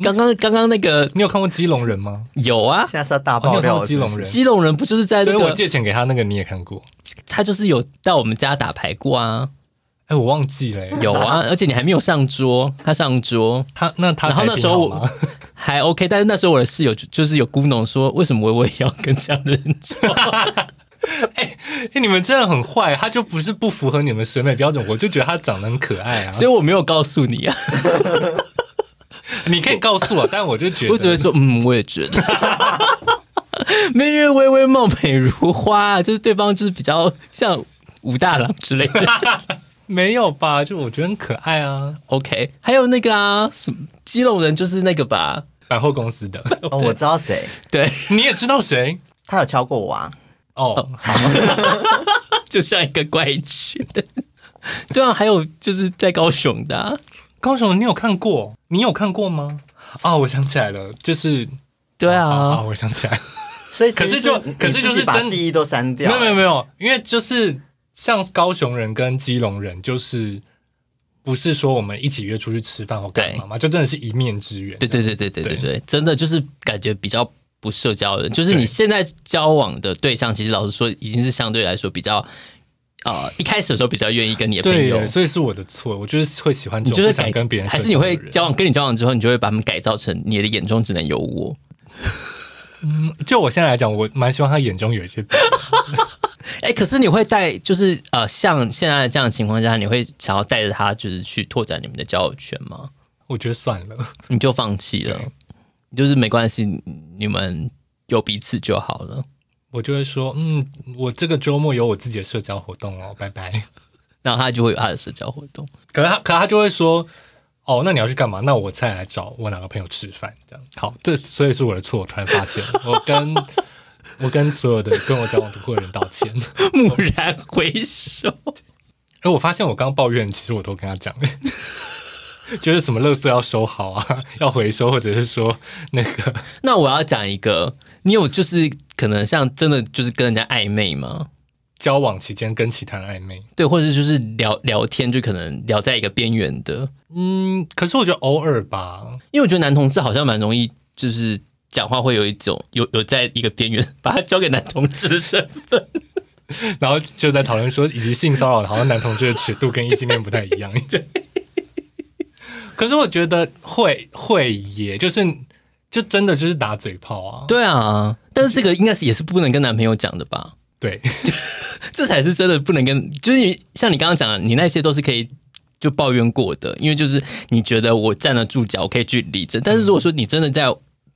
S1: 剛剛剛剛那個、嗯，你有看過《基隆人》嗎？
S2: 有啊，
S3: 現在是大爆料、哦，《基隆人是是》基隆
S1: 人不就是在、那個？所以我借錢給他那個你也看過。他就是有到我們家打牌過啊。哎、欸，我忘記了、欸。有啊，而且你還沒有上桌，他上桌，他那他然後那時候還 OK，但是那時候我的室友就是有咕噥說：“為什麼微微要跟這樣的人坐？”哎 [LAUGHS] 哎、欸欸，你們真的很
S2: 壞，他就不是不符合你們審美標準，我就覺得他長得很可愛啊，所以我沒有告訴你啊。
S1: [LAUGHS] 你
S2: 可以告訴、啊、我，但我就覺得我，我只會
S1: 說嗯，我也覺得。因 [LAUGHS] 為微微貌美如花，就是對方就是比較像武大郎之類的。 [LAUGHS] 沒有吧？就我覺得很可愛啊。OK，還有那個啊，什麼肌肉人就是那個吧，百貨公司的。哦、oh,，我知道誰。對， [LAUGHS] 你也知道誰？他有敲過我啊。哦，好，就像一個怪曲。對 [LAUGHS] 對啊，還有就是在高雄的，啊、高雄，你有看過？
S2: 你有看過嗎？哦，我想起來了，就是對啊哦、哦，哦，我想起來了。
S3: 所以其實是可是就可是就是把記憶都刪掉？沒有沒有沒有，因為就是。
S2: 像高雄人跟基隆人，就是不是說我們一起約出去吃飯 OK 嗎？就真的是一面之緣。
S1: 對對對對對對對，對，對，真的就是感覺比較不社交的。就是你現在交往的對象，對，其實老實說，已經是相對來說比較、呃，一開始的時候比較願意跟你的朋友。對，所以
S2: 是我的錯，我就是會喜歡你，就是想跟別人、人，還是你會
S1: 交往跟你交往之後，你就會把他們改造成你的眼中只能有我。
S2: 嗯，就我現在來講，我蠻喜歡他眼中有一些。 [LAUGHS]
S1: 誒，可是你會帶，就是呃，像現在這樣的情況下，你會想要帶着他，就是去拓展你們的交友圈嗎？
S2: 我覺得算了，
S1: 你就放棄了，就是沒關係，你們有彼此就好了。
S2: 我就會說，嗯，我這個周末有我自己的社交活
S1: 動哦，拜拜。然 [LAUGHS] 後他就會有他的社交活動。
S2: 可是他，可是他就會說，哦，那你要去幹嘛？那我再來找我哪個朋友吃飯這樣。好，這所以是我的錯。我突然發現，我跟。 [LAUGHS] 我跟所有的跟我交往的過的人道歉。驀 [LAUGHS] 然回首，哎，我發現我剛抱怨，其實我都跟他講， [LAUGHS] 就是什麼樂色要收好啊，要回收，或者是說那個……那我要講一個，
S1: 你有就是可能像真的就是跟人家曖昧嗎？
S2: 交往期間跟其
S1: 他人曖昧，對，或者就是聊聊天，就可能聊在一個邊緣的，嗯，可是我覺得偶爾吧，因為我覺得男同事好像蠻容易就是。講話會有一種有、有在一個邊緣，把它交給男同志的身份， [LAUGHS] 然後就在討論
S2: 說，以及性騷擾的好像男同志的尺度跟異性戀不太一樣。 [LAUGHS] 對 [LAUGHS] 可是我覺得會、會也，也就是就真的就是打嘴炮啊。
S1: 對啊，但是這個應該是也是不能跟男朋友講的吧？對，這才是真的不能跟，就是你像你剛剛講的，你那些都是可以就抱怨過的，因為就是你覺得我站得住腳，我可以去理證，嗯。但是如果說你真的在。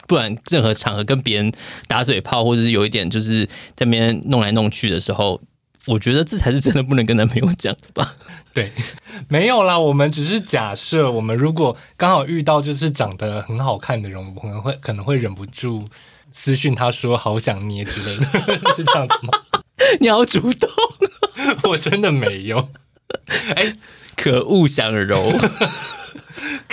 S1: 不然，任何場合跟別人打嘴炮，或者是有一點就是在那邊弄來弄去的時候，我覺得這才是真的不能跟男朋友講吧。對，
S2: 沒有啦，我們只是假設，我們如果剛好遇到就是長得很好看的人，我們會可能會忍不住私訊他說“好想捏”之類的 [LAUGHS] 是這樣子嗎？
S1: 你要主動、
S2: 啊，我真的沒有。哎、欸，可惡，想揉，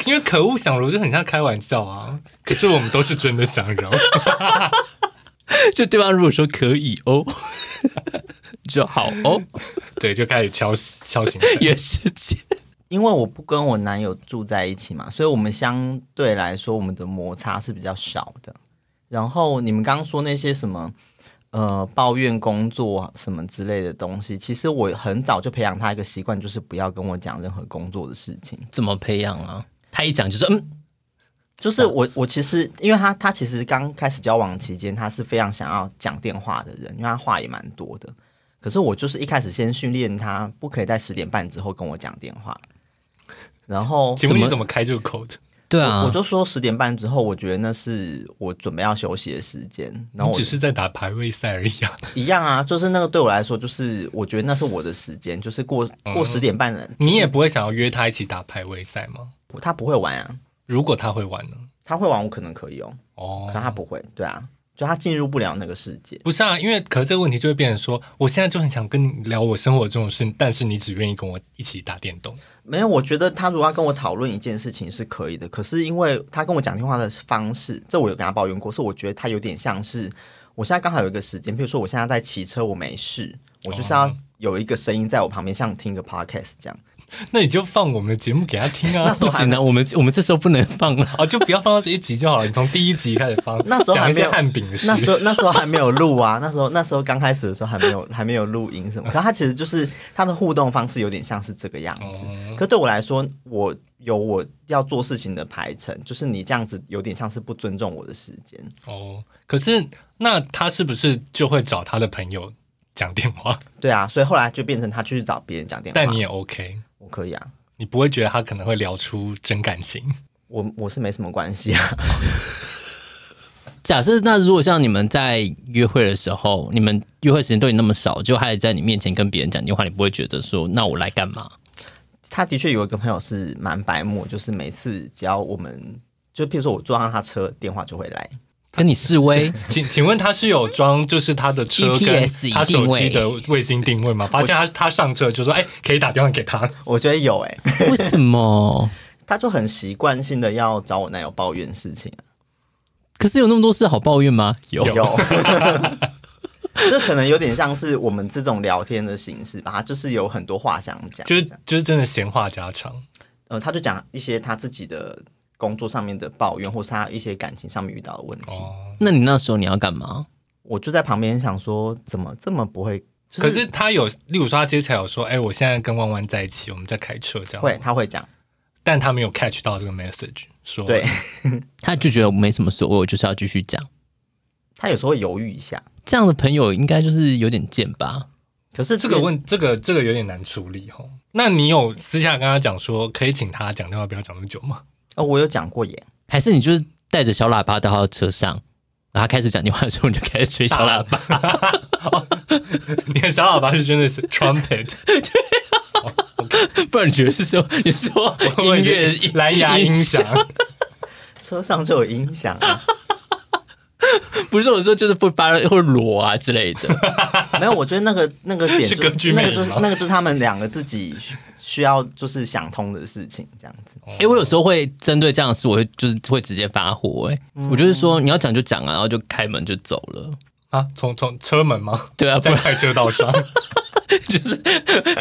S2: 因為可惡想揉就很像開玩笑啊。 [LAUGHS] 其實我們都是真的想融 [LAUGHS] ，
S3: 就對方如果說可以哦， [LAUGHS] 就好哦， [LAUGHS] 對，就開始敲敲行程。世界。因為我不跟我男友住在一起嘛，所以我們相對來說我們的摩擦是比較少的。然後你們剛剛說那些什麼呃抱怨工作什麼之類的東西，其實我很早就培養他一個習慣，就是不要跟我講任何工作的事情。怎麼培養啊？他一講就說、是、嗯。就是我，我其實因為他，他其實剛開始交往期間，他是非常想要講電話的人，因為他話也蠻多的。可是我就是一開始先訓練他，不可以在十點半之後跟我講電話。然後請問你怎麼開這個口的？對啊我，我就說十點半之後，我覺得那是我準備要休息的時間。然後我只是在打
S2: 排位賽而已啊，
S3: [LAUGHS] 一樣啊，就是那個對我來說，就是我覺得那是我的時間，就是過、嗯、過十點半了、就是。你也不會想要約他一起打排位賽嗎？他不會玩啊。如果他會玩呢？他會玩，我可能可以哦。哦，oh，可他不會，對啊，就他進入不了那個世界。
S2: 不是啊，因為可是這個問題就會變成說，我現在就很想跟你聊我生活中的事，但是你只願意跟我一起打電動。
S3: 沒有，我覺得他如果要跟我討論一件事情是可以的，可是因為他跟我講電話的方式，這我有跟他抱怨過，所以我覺得他有點像是我現在剛好有一個時間，比如說我現在在騎車，我沒事，我就是要有一個聲音在我旁邊，像聽個 podcast 這樣。
S2: 那你就放我們的節目給他聽啊！那時候還不行的我們我們這時候不能放了啊、 [LAUGHS] 哦，就不要放到這一集就好了。你從第一集開始放， [LAUGHS] 那時候還沒有漢餅的事。那時候那時
S3: 候還沒有錄啊， [LAUGHS] 那時候那時候剛開始的時候還沒有還沒有錄音什麼。可是他其實就是 [LAUGHS] 他的互動方式有點像是這個樣子。哦、可是對我來說，我有我要做事情的排程，就是你這樣子有點像是不尊重我的時間哦。可是那他是不是就會找他的朋友講電話？對啊，所以後來就變
S2: 成他去找別人講電話。但你也 OK。可以啊，你不會覺得他可能會聊出真感
S3: 情？我我是沒什麼關係啊。
S1: [LAUGHS] 假設那如果像你們在約會的時候，你們約會時間對你那麼少，就還在你面前跟別人講電話，你不會覺得說那我來幹嘛？
S3: 他的確有一個朋友是蠻白目，就是每次只要我們就譬如說我坐上他車，電話就會來。
S1: 跟你示威，請
S2: 請問他是有裝，就是他的車跟他手機的
S3: 衛星定位嗎？發現他他上車就說，哎、欸，可以打電話給他。我覺得有哎、欸， [LAUGHS] 為什
S1: 麼？
S3: 他就很習慣性的要找我男友抱怨事情啊，
S1: 可是有那麼多事好抱怨嗎？有有，
S3: [LAUGHS] [LAUGHS] 這可能有點像是我們這種聊天的形式吧，他就是有很多話想講，就是就是真的閒話家常。呃，他就講一些他自己的。工作上面的抱怨，或是他一些感情上面遇到的問題。
S1: 那你那時候你要
S3: 幹嘛？我就在旁邊想說，怎麼這麼不會、就是？可是他有，例如說他接下
S2: 來有說：“哎、欸，我現在跟彎彎在一起，我們在開車。”這樣會，他會講，但他沒有 catch 到這個
S3: message，說對，
S1: [LAUGHS] 他就覺得我沒什麼所謂，我就是要繼續講。他
S3: 有時候會猶豫一下，
S1: 這樣的朋友應該就是有點賤吧？
S3: 可是這個問，這個
S2: 這個有點難處理哦。那你有私下跟他講說，可以請他講電話，不要講那麼久嗎？
S1: 哦、我有講過耶，還是你就是帶着小喇叭到他的車上，然後開始講電話的時候你就開始吹小喇叭，啊、 [LAUGHS] 你的小喇叭是真的？是 trumpet？ [LAUGHS] 對、啊 okay，不然你覺得是說你說音樂也是音，我覺得藍牙音響，
S3: 車上就有音響、啊。
S1: [LAUGHS] 不是我說，就是不發熱會裸啊之類的。 [LAUGHS] 沒有，我覺得那個那個點就是個，那個、就是那
S3: 個就是他們兩個自己需要就是想通的事情，這樣子。
S1: 哎，我有時候會針對這樣的事，我會就是會直接發火、欸。哎、mm.，我就是說，你要講就講啊，然後就開門就走了
S2: 啊。從從車門嗎？對啊，在快
S1: 車道上。 [LAUGHS] 就是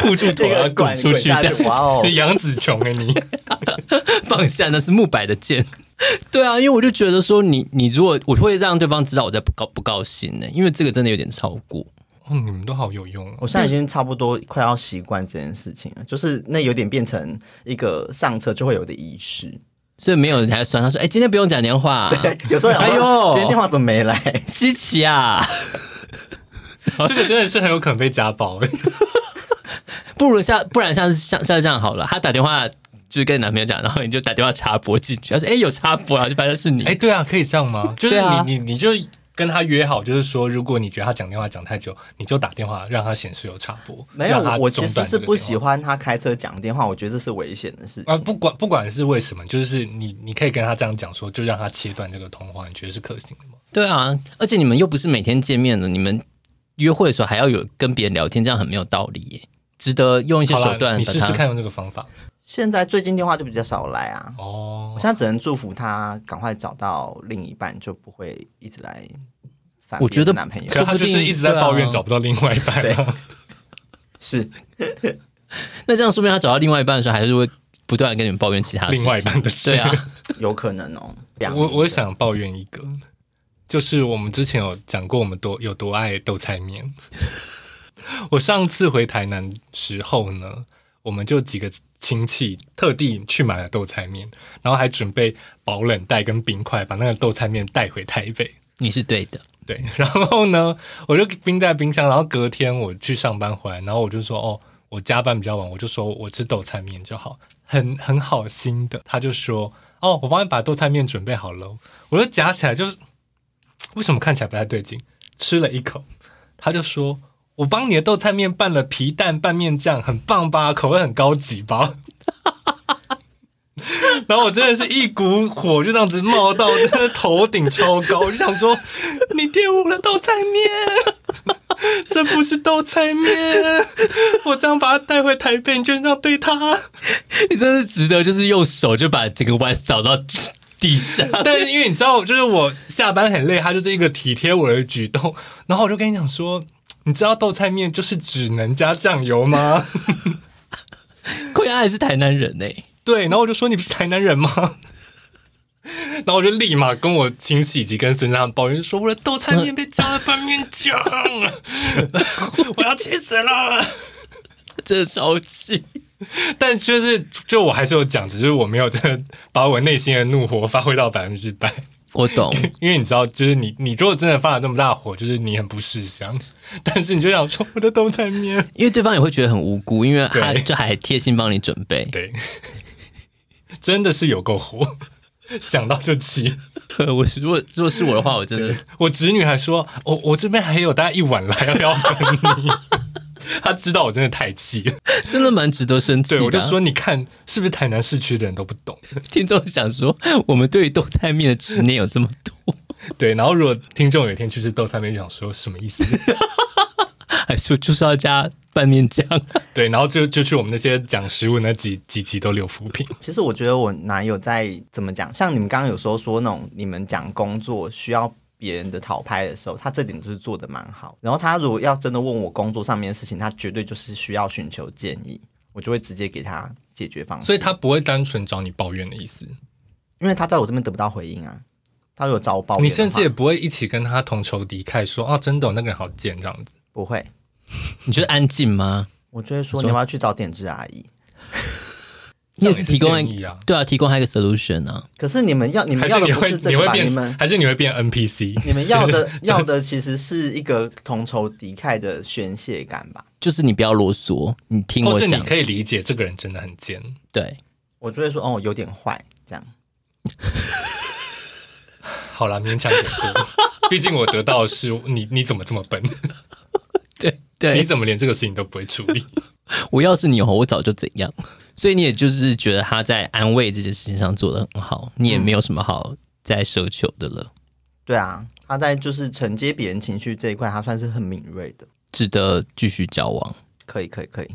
S1: 護住頭要滾出去哇、啊，樣，
S2: 楊紫瓊，你,下、哦 [LAUGHS] 窮欸你 [LAUGHS] 啊、
S1: 放下那是木柏的劍。 [LAUGHS] 對啊，因為我就覺得說你，你你如果我會讓對方知道我在不高不高興呢、欸，因為這個真的有點超過。
S3: 哦，你們都好有用啊！我現在已經差不多快要習慣這件事情了，就是那有點變成一個上車就會有的儀式，
S1: 所以沒有人還算。他說：“哎、欸，今天不用講電話、啊。”對，有時候 [LAUGHS] 哎呦，今天電話怎麼沒來？稀奇啊！這個真的是很有可能被家暴，不如像，不然像像像這樣好了。他打電話就是跟你男朋友講，然後你就打電話插播進去，他說：“哎、欸，有插播啊？”就發現是你，哎、欸，對啊，可以這樣嗎？就是你、啊、你你，你就跟他
S2: 約好，就是說，如果你覺得他講電話講太久，你就打電話讓他顯示有插播。沒有，我其實是不
S3: 喜歡他開車講電話，我覺得這是危險的事情啊。不管不管是為什麼，就
S2: 是你你可以跟他這樣講說，就讓他切斷這個通話。你覺得是可行的嗎？
S1: 對啊，而且你們又不是每天見面的，你們。約會的時候還要有跟別人聊天，這樣很沒有道理耶。值得用一些手段。你試試看用這個方法。
S3: 現在最近電話就比較少來啊。哦、oh.。我現在只能祝福他趕快找到另一半，就不會一直來反。我覺得男朋友。可是他就是一直在抱怨不、啊、找不到另外一半。對
S1: [LAUGHS] 是。 [LAUGHS] 那這樣說不定他找到另外一半的時候，還是會不斷跟你們抱怨其他另外一半的事。對啊。
S2: [LAUGHS] 有可能哦。兩我我也想抱怨一個。就是我們之前有講過，我們多有多愛豆菜麵。 [LAUGHS] 我上次回台南時候呢，我們就幾個親戚特地去買了豆菜麵，然後還準備保冷袋跟冰塊，把那個豆菜麵帶回台北。你是對的，對。然後呢，我就冰在冰箱，然後隔天我去上班回來，然後我就說：“哦，我加班比較晚，我就說我吃豆菜麵就好。”很很好心的，他就說：“哦，我幫你把豆菜麵準備好嘍。”我就夾起來就，就是。為什麼看起來不太對勁？吃了一口，他就說：“我幫你的豆菜麵拌了皮蛋拌麵醬，很棒吧？口味很高級吧？” [LAUGHS] 然後我真的是一股火就這樣子冒到真的頭頂超高，我就想說：“ [LAUGHS] 你玷污了豆菜麵，這不是豆菜麵！我這樣把它帶回台北，你就這樣對他， [LAUGHS] 你真
S1: 的值得，就是用手就把這個
S2: 碗掃到。”底下，但是因為你知道，就是我下班很累，他就是一個體貼我的舉動。然後我就跟你講說，你知道豆菜麵就是只能加醬油嗎？桂安也是台南人呢。對。然後我就說，你不是台南人嗎？然後我就立馬跟我親戚以及跟森威抱怨說，我的豆菜麵被加了拌麵醬，我， [LAUGHS] 我要氣死了，真的超氣。但就是，就我還是有講，只是我沒有真的把我內心的怒火發揮到百分之百。我懂，因為你知道，就是你，你如果真的發了那麼大火，就是你很不識相。但是你就想說，我的都在面，因為對方也會覺得很無
S1: 辜，因為他就還貼心幫你準備對。對，
S2: 真的是有夠火，想到就氣。我 [LAUGHS] 如果如果是我的話，我真的，我侄女還說，我我這邊還有大概一碗了，要不要分你。 [LAUGHS] 他知道我真的太氣了， [LAUGHS] 真的蠻值得生氣。對，我就說你看是不是台南市區的人都不懂？聽眾想說，我們對於豆菜麵的執念有這麼多。 [LAUGHS] 對，然後如果聽眾有一天去吃豆菜麵，想說什麼意思？ [LAUGHS] 還說就是要加拌麵醬？ [LAUGHS]
S3: 對，然後就就去我們那些講食物那幾幾集都留伏筆。其實我覺得我哪有在怎麼講？像你們剛剛有時候說那種，你們講工作需要。別人的討拍的時候，他這點就是做得蠻好。然後他如果要真的問我工作上面的事情，他絕對就是需要尋求建議，我就會直接給他解決方案。所以他不會單純找你抱怨的意思，因為他在我這邊得不到回應啊。他如果找我抱怨，你甚至也不會一起跟他同仇
S2: 敵愾，說啊，真的那個人好賤這樣子。不會，你覺得安靜嗎？
S1: 我就會說，說你要不要去找點痣阿姨。 [LAUGHS] 你也是提供也是啊，對啊，提供他一個 solution 啊。
S3: 可是你們要你們要的不是這個你，你們
S1: 還是你會變 NPC。你們要的 [LAUGHS]
S3: 要的其實是一個同仇敵愾的宣洩感吧？
S1: 就是你不要囉嗦，你聽我講。或是你可
S3: 以理解這個人真的很尖，對我就會說哦，有點壞這樣。
S2: [LAUGHS] 好了，勉強點， [LAUGHS] 畢竟我得到的是你你怎麼這麼笨？ [LAUGHS] 對對，你怎麼連這個事情都不會處理？
S1: [LAUGHS] 我要是你，我早就怎樣。所以你也就是覺得他在安慰這件事情上做得很好，你也沒有什麼好再奢求的了、
S3: 嗯。對啊，他在就是承接別人情緒這一塊，他算是很敏銳的，
S1: 值得繼續交往。可以可以可以，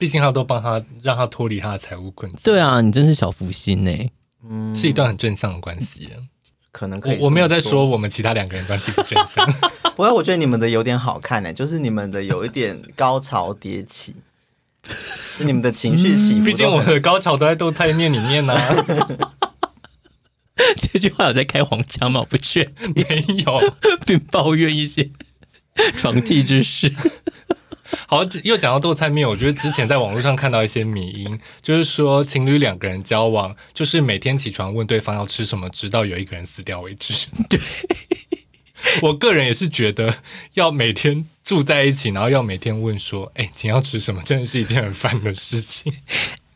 S3: 畢竟他都幫他讓他脫離他的財務困
S1: 境。對啊，你真是小福星哎，嗯，
S2: 是一段
S1: 很正向的關係、嗯，可能可以我。我沒有在說
S3: 我們其他兩個人關係不正向， [LAUGHS] [LAUGHS] 不過我覺得你們的有點好看哎，就是你們的有一點高潮迭起。
S1: 你們的情緒起伏，畢竟我們的
S2: 高潮都在豆菜麵裡面呢、啊 [LAUGHS] 。
S1: 這句話有在開黃腔嗎？不，去沒有，並抱
S2: 怨一些床笫之事。好，又講到豆菜麵，我覺得之前在網絡上看到一些迷因，就是說情侶兩個人交往，就是每天起床問對方要吃什麼，直到有一個人死掉為止。對。我個人也是覺得，要每天住在一起，然後要每天問說：“哎，你要吃什麼？”真的是一件很煩的事情。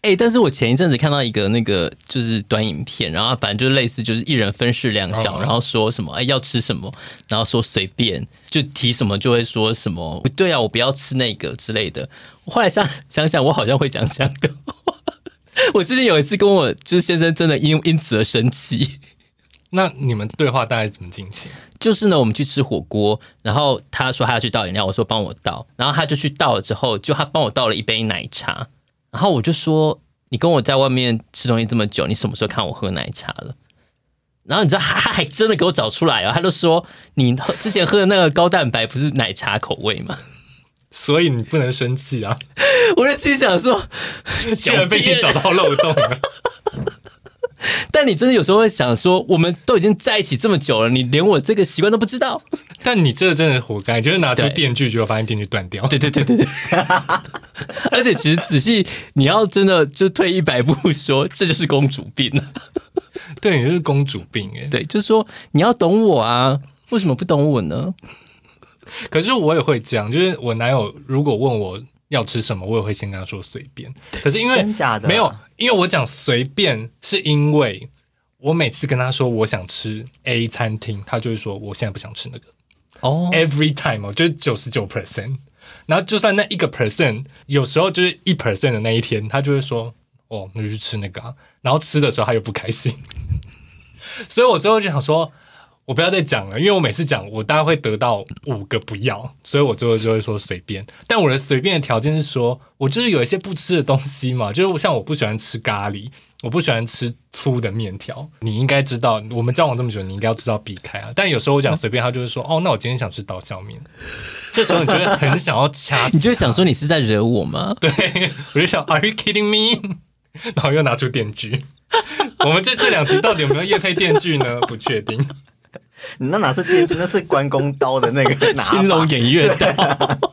S1: 哎，但是我前一陣子看到一個那個就是短影片，然後反正就是類似就是一人分飾兩角，哦，然後說什麼“哎，要吃什麼？”然後說隨便就提什麼就會說什麼“不對啊，我不要吃那個”之類的。我後來想想想，我好像會講這樣的話。我之前有一次跟我就是先生真的因因此而生氣。那，你們對話大概怎麼進行？就是呢，我們去吃火鍋，然後他說他要去倒飲料，我說幫我倒，然後他就去倒了，之後就他幫我倒了一杯奶茶，然後我就說你跟我在外面吃東西這麼久，你什麼時候看我喝奶茶了？然後你知道，他還真的給我找出來啊、哦！他就說你之前喝的那個高蛋白不是奶茶口味嗎？
S2: 所以你不能
S1: 生氣啊！
S2: [LAUGHS] 我就心想說，竟 [LAUGHS] 然被你找到漏洞
S1: 了。 [LAUGHS] 但你真的有時候會想說，我們都已經在一起這麼久了，你連我這個習慣都不知道。但
S2: 你這真的活該，就是拿出電鋸，就發現電鋸斷掉。對對對對對。 [LAUGHS] 而且
S1: 其實仔細，你要真的就退一百步說，這就是公主病。對，你就是公主病誒。對，就是說你要懂我啊，為什麼不懂我呢？
S2: 可是我也會這樣，就是我男友如果問我。要吃什麼，我也會先跟他說隨便。可是因為真假的？啊、沒有，因為我講隨便是因為我每次跟他說我想吃 A 餐廳，他就會說我現在不想吃那個。哦、oh，Every time，就是九十九 percent。然後就算那一個 percent，有時候就是一 percent 的那一天，他就會說哦，那就去吃那個。啊。然後吃的時候他又不開心， [LAUGHS] 所以我最後就想說。我不要再講了，因為我每次講，我大概會得到五個不要，所以我最後就會說隨便。但我的隨便的條件是說，說我就是有一些不吃的東西嘛，就是像我不喜歡吃咖喱，我不喜歡吃粗的麵條。你應該知道，我們交往這麼久，你應該要知道避開啊。但有時候我講隨便，他就會說哦：“哦，那我今天想吃刀削麵。
S1: [LAUGHS] ”這時候你覺得很想要掐，你就想說你是在惹我嗎？對
S2: 我就想 [LAUGHS] ，Are you kidding me？ [LAUGHS] 然後又拿出電鋸， [LAUGHS] 我們這這兩集到底有沒有業配電鋸呢？不確定。
S3: 你那哪是鞭子，那是關公刀的
S1: 那個 [LAUGHS] 青龍偃月刀，哈哈哈哈哈，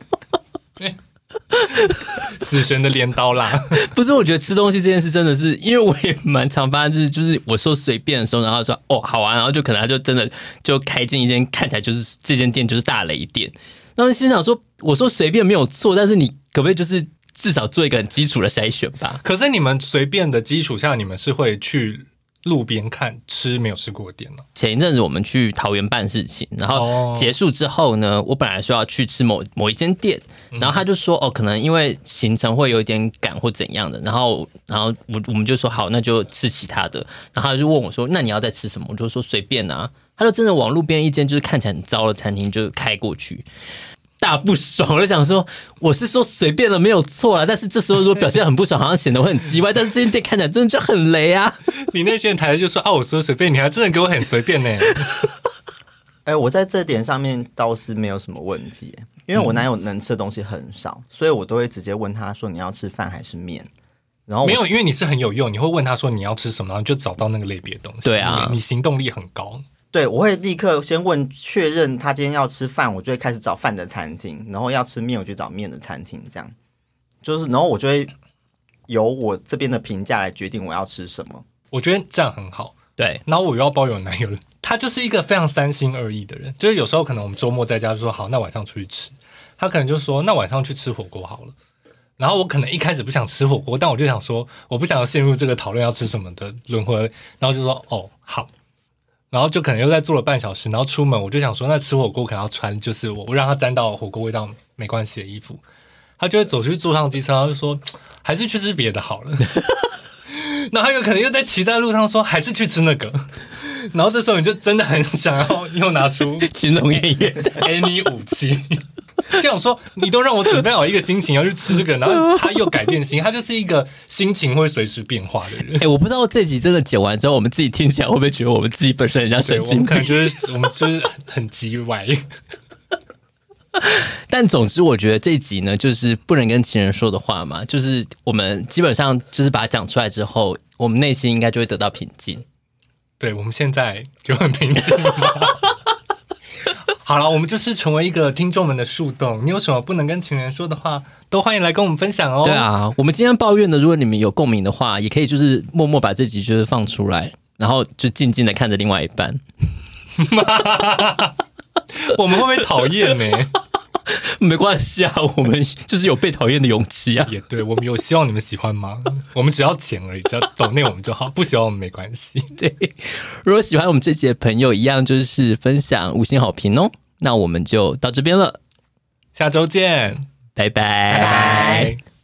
S1: 死神的鐮刀啦。 [LAUGHS] 不是，我覺得吃東西這件事真的是，因為我也蠻常發生、就是，就是我說隨便的時候，然後說哦好啊，然後就可能他就真的就開進一間看起來就是這間店就是大雷店。然後心想說，我說隨便沒有錯，但是你可不可以就是至少做一個很基礎的篩選吧？ [LAUGHS] 可是你們隨便的基礎下，你們是會去。路
S2: 邊看吃沒有吃過的店，
S1: 前一陣子我們去桃園辦事情，然後結束之後呢，哦、我本來說要去吃某某一間店，然後他就說、嗯、哦，可能因為行程會有點趕或怎樣的，然後然後我我們就說好，那就吃其他的，然後他就問我說那你要再吃什麼？我就說隨便啊。他就真的往路邊一間就是看起來很糟的餐廳就開過去。大不爽，我就想說，我是說隨便了沒有錯啦，但是這時候如果表現很不爽， [LAUGHS] 好像顯得我很奇怪。但是這間店看起來真的就很雷啊！你那些人台就
S2: 說：“啊，我說隨便，你還真的給我很隨便呢。”欸，
S3: 哎，我在這點上面倒是沒有什麼問題，因為我男友能吃的東西很少，所以我都會直接問他說：“你要吃飯還是麵？”然後沒有，因
S2: 為你是很有用，你會問他說：“你要吃什麼？”然後你就找到那個類別的東西。對啊，你行動力很高。
S3: 對，我會立刻先問確認他今天要吃飯，我就會開始找飯的餐廳，然後要吃麵，我就找麵的餐廳，這樣就是，然後我就會由我這邊的評價來決定我要吃什麼。我覺得這樣很好。
S2: 對，然後我又要包有男友，他就是一個非常三心二意的人，就是有時候可能我們週末在家就說好，那晚上出去吃，他可能就說那晚上去吃火鍋好了。然後我可能一開始不想吃火鍋，但我就想說我不想陷入這個討論要吃什麼的輪迴，然後就說哦好。然後就可能又再坐了半小時，然後出門我就想說，那吃火鍋可能要穿就是我不讓它沾到火鍋味道沒沒關係的衣服，他就會走去坐上機車然後就說，還是去吃別的好了。 [LAUGHS] 然後有可能又在騎在路上說，還是去吃那個，然後這時候你就真的很想要又拿出金融演員 Amy 五七這樣說，你都讓我準備好一個心情要去吃個，然後他又改變心，他就是一個心情會隨時變化的人。
S1: 哎，我不知道這集真的剪完之後，我們自己聽起來會不會覺得我們自己本身很像神經病，我們、
S2: 就是、我們就是很雞歪。
S1: [LAUGHS] 但總之，我覺得這集呢，就是不能跟情人說的話嘛，就是我們基本上就是把它講出來之後，我們內心應該就會得到平靜。
S2: 對，我們現在就很平靜。 [LAUGHS]
S1: 好了，我們就是
S2: 成為一個聽眾們的樹洞。你有什麼不能跟情人說的話，都歡迎來跟我們分享哦。對啊，
S1: 我們今天抱怨的，如果你們有共鳴的話，也可以就是默默把這集就是放出來，然後就靜靜的看着另外一半。 [LAUGHS] [LAUGHS] [LAUGHS] 我們會不會討厭呢？ [LAUGHS] 沒關係啊，我們就是有被討厭的勇氣啊！也對，我
S2: 們有希望你們喜歡嗎？ [LAUGHS] 我們只要錢而已，只要抖內我們就好，不喜歡我們沒關係。
S1: 對，如果喜歡我們這期的朋友，一樣就是分享五星好評哦。那我們就到這邊了，下週見，拜拜。Bye bye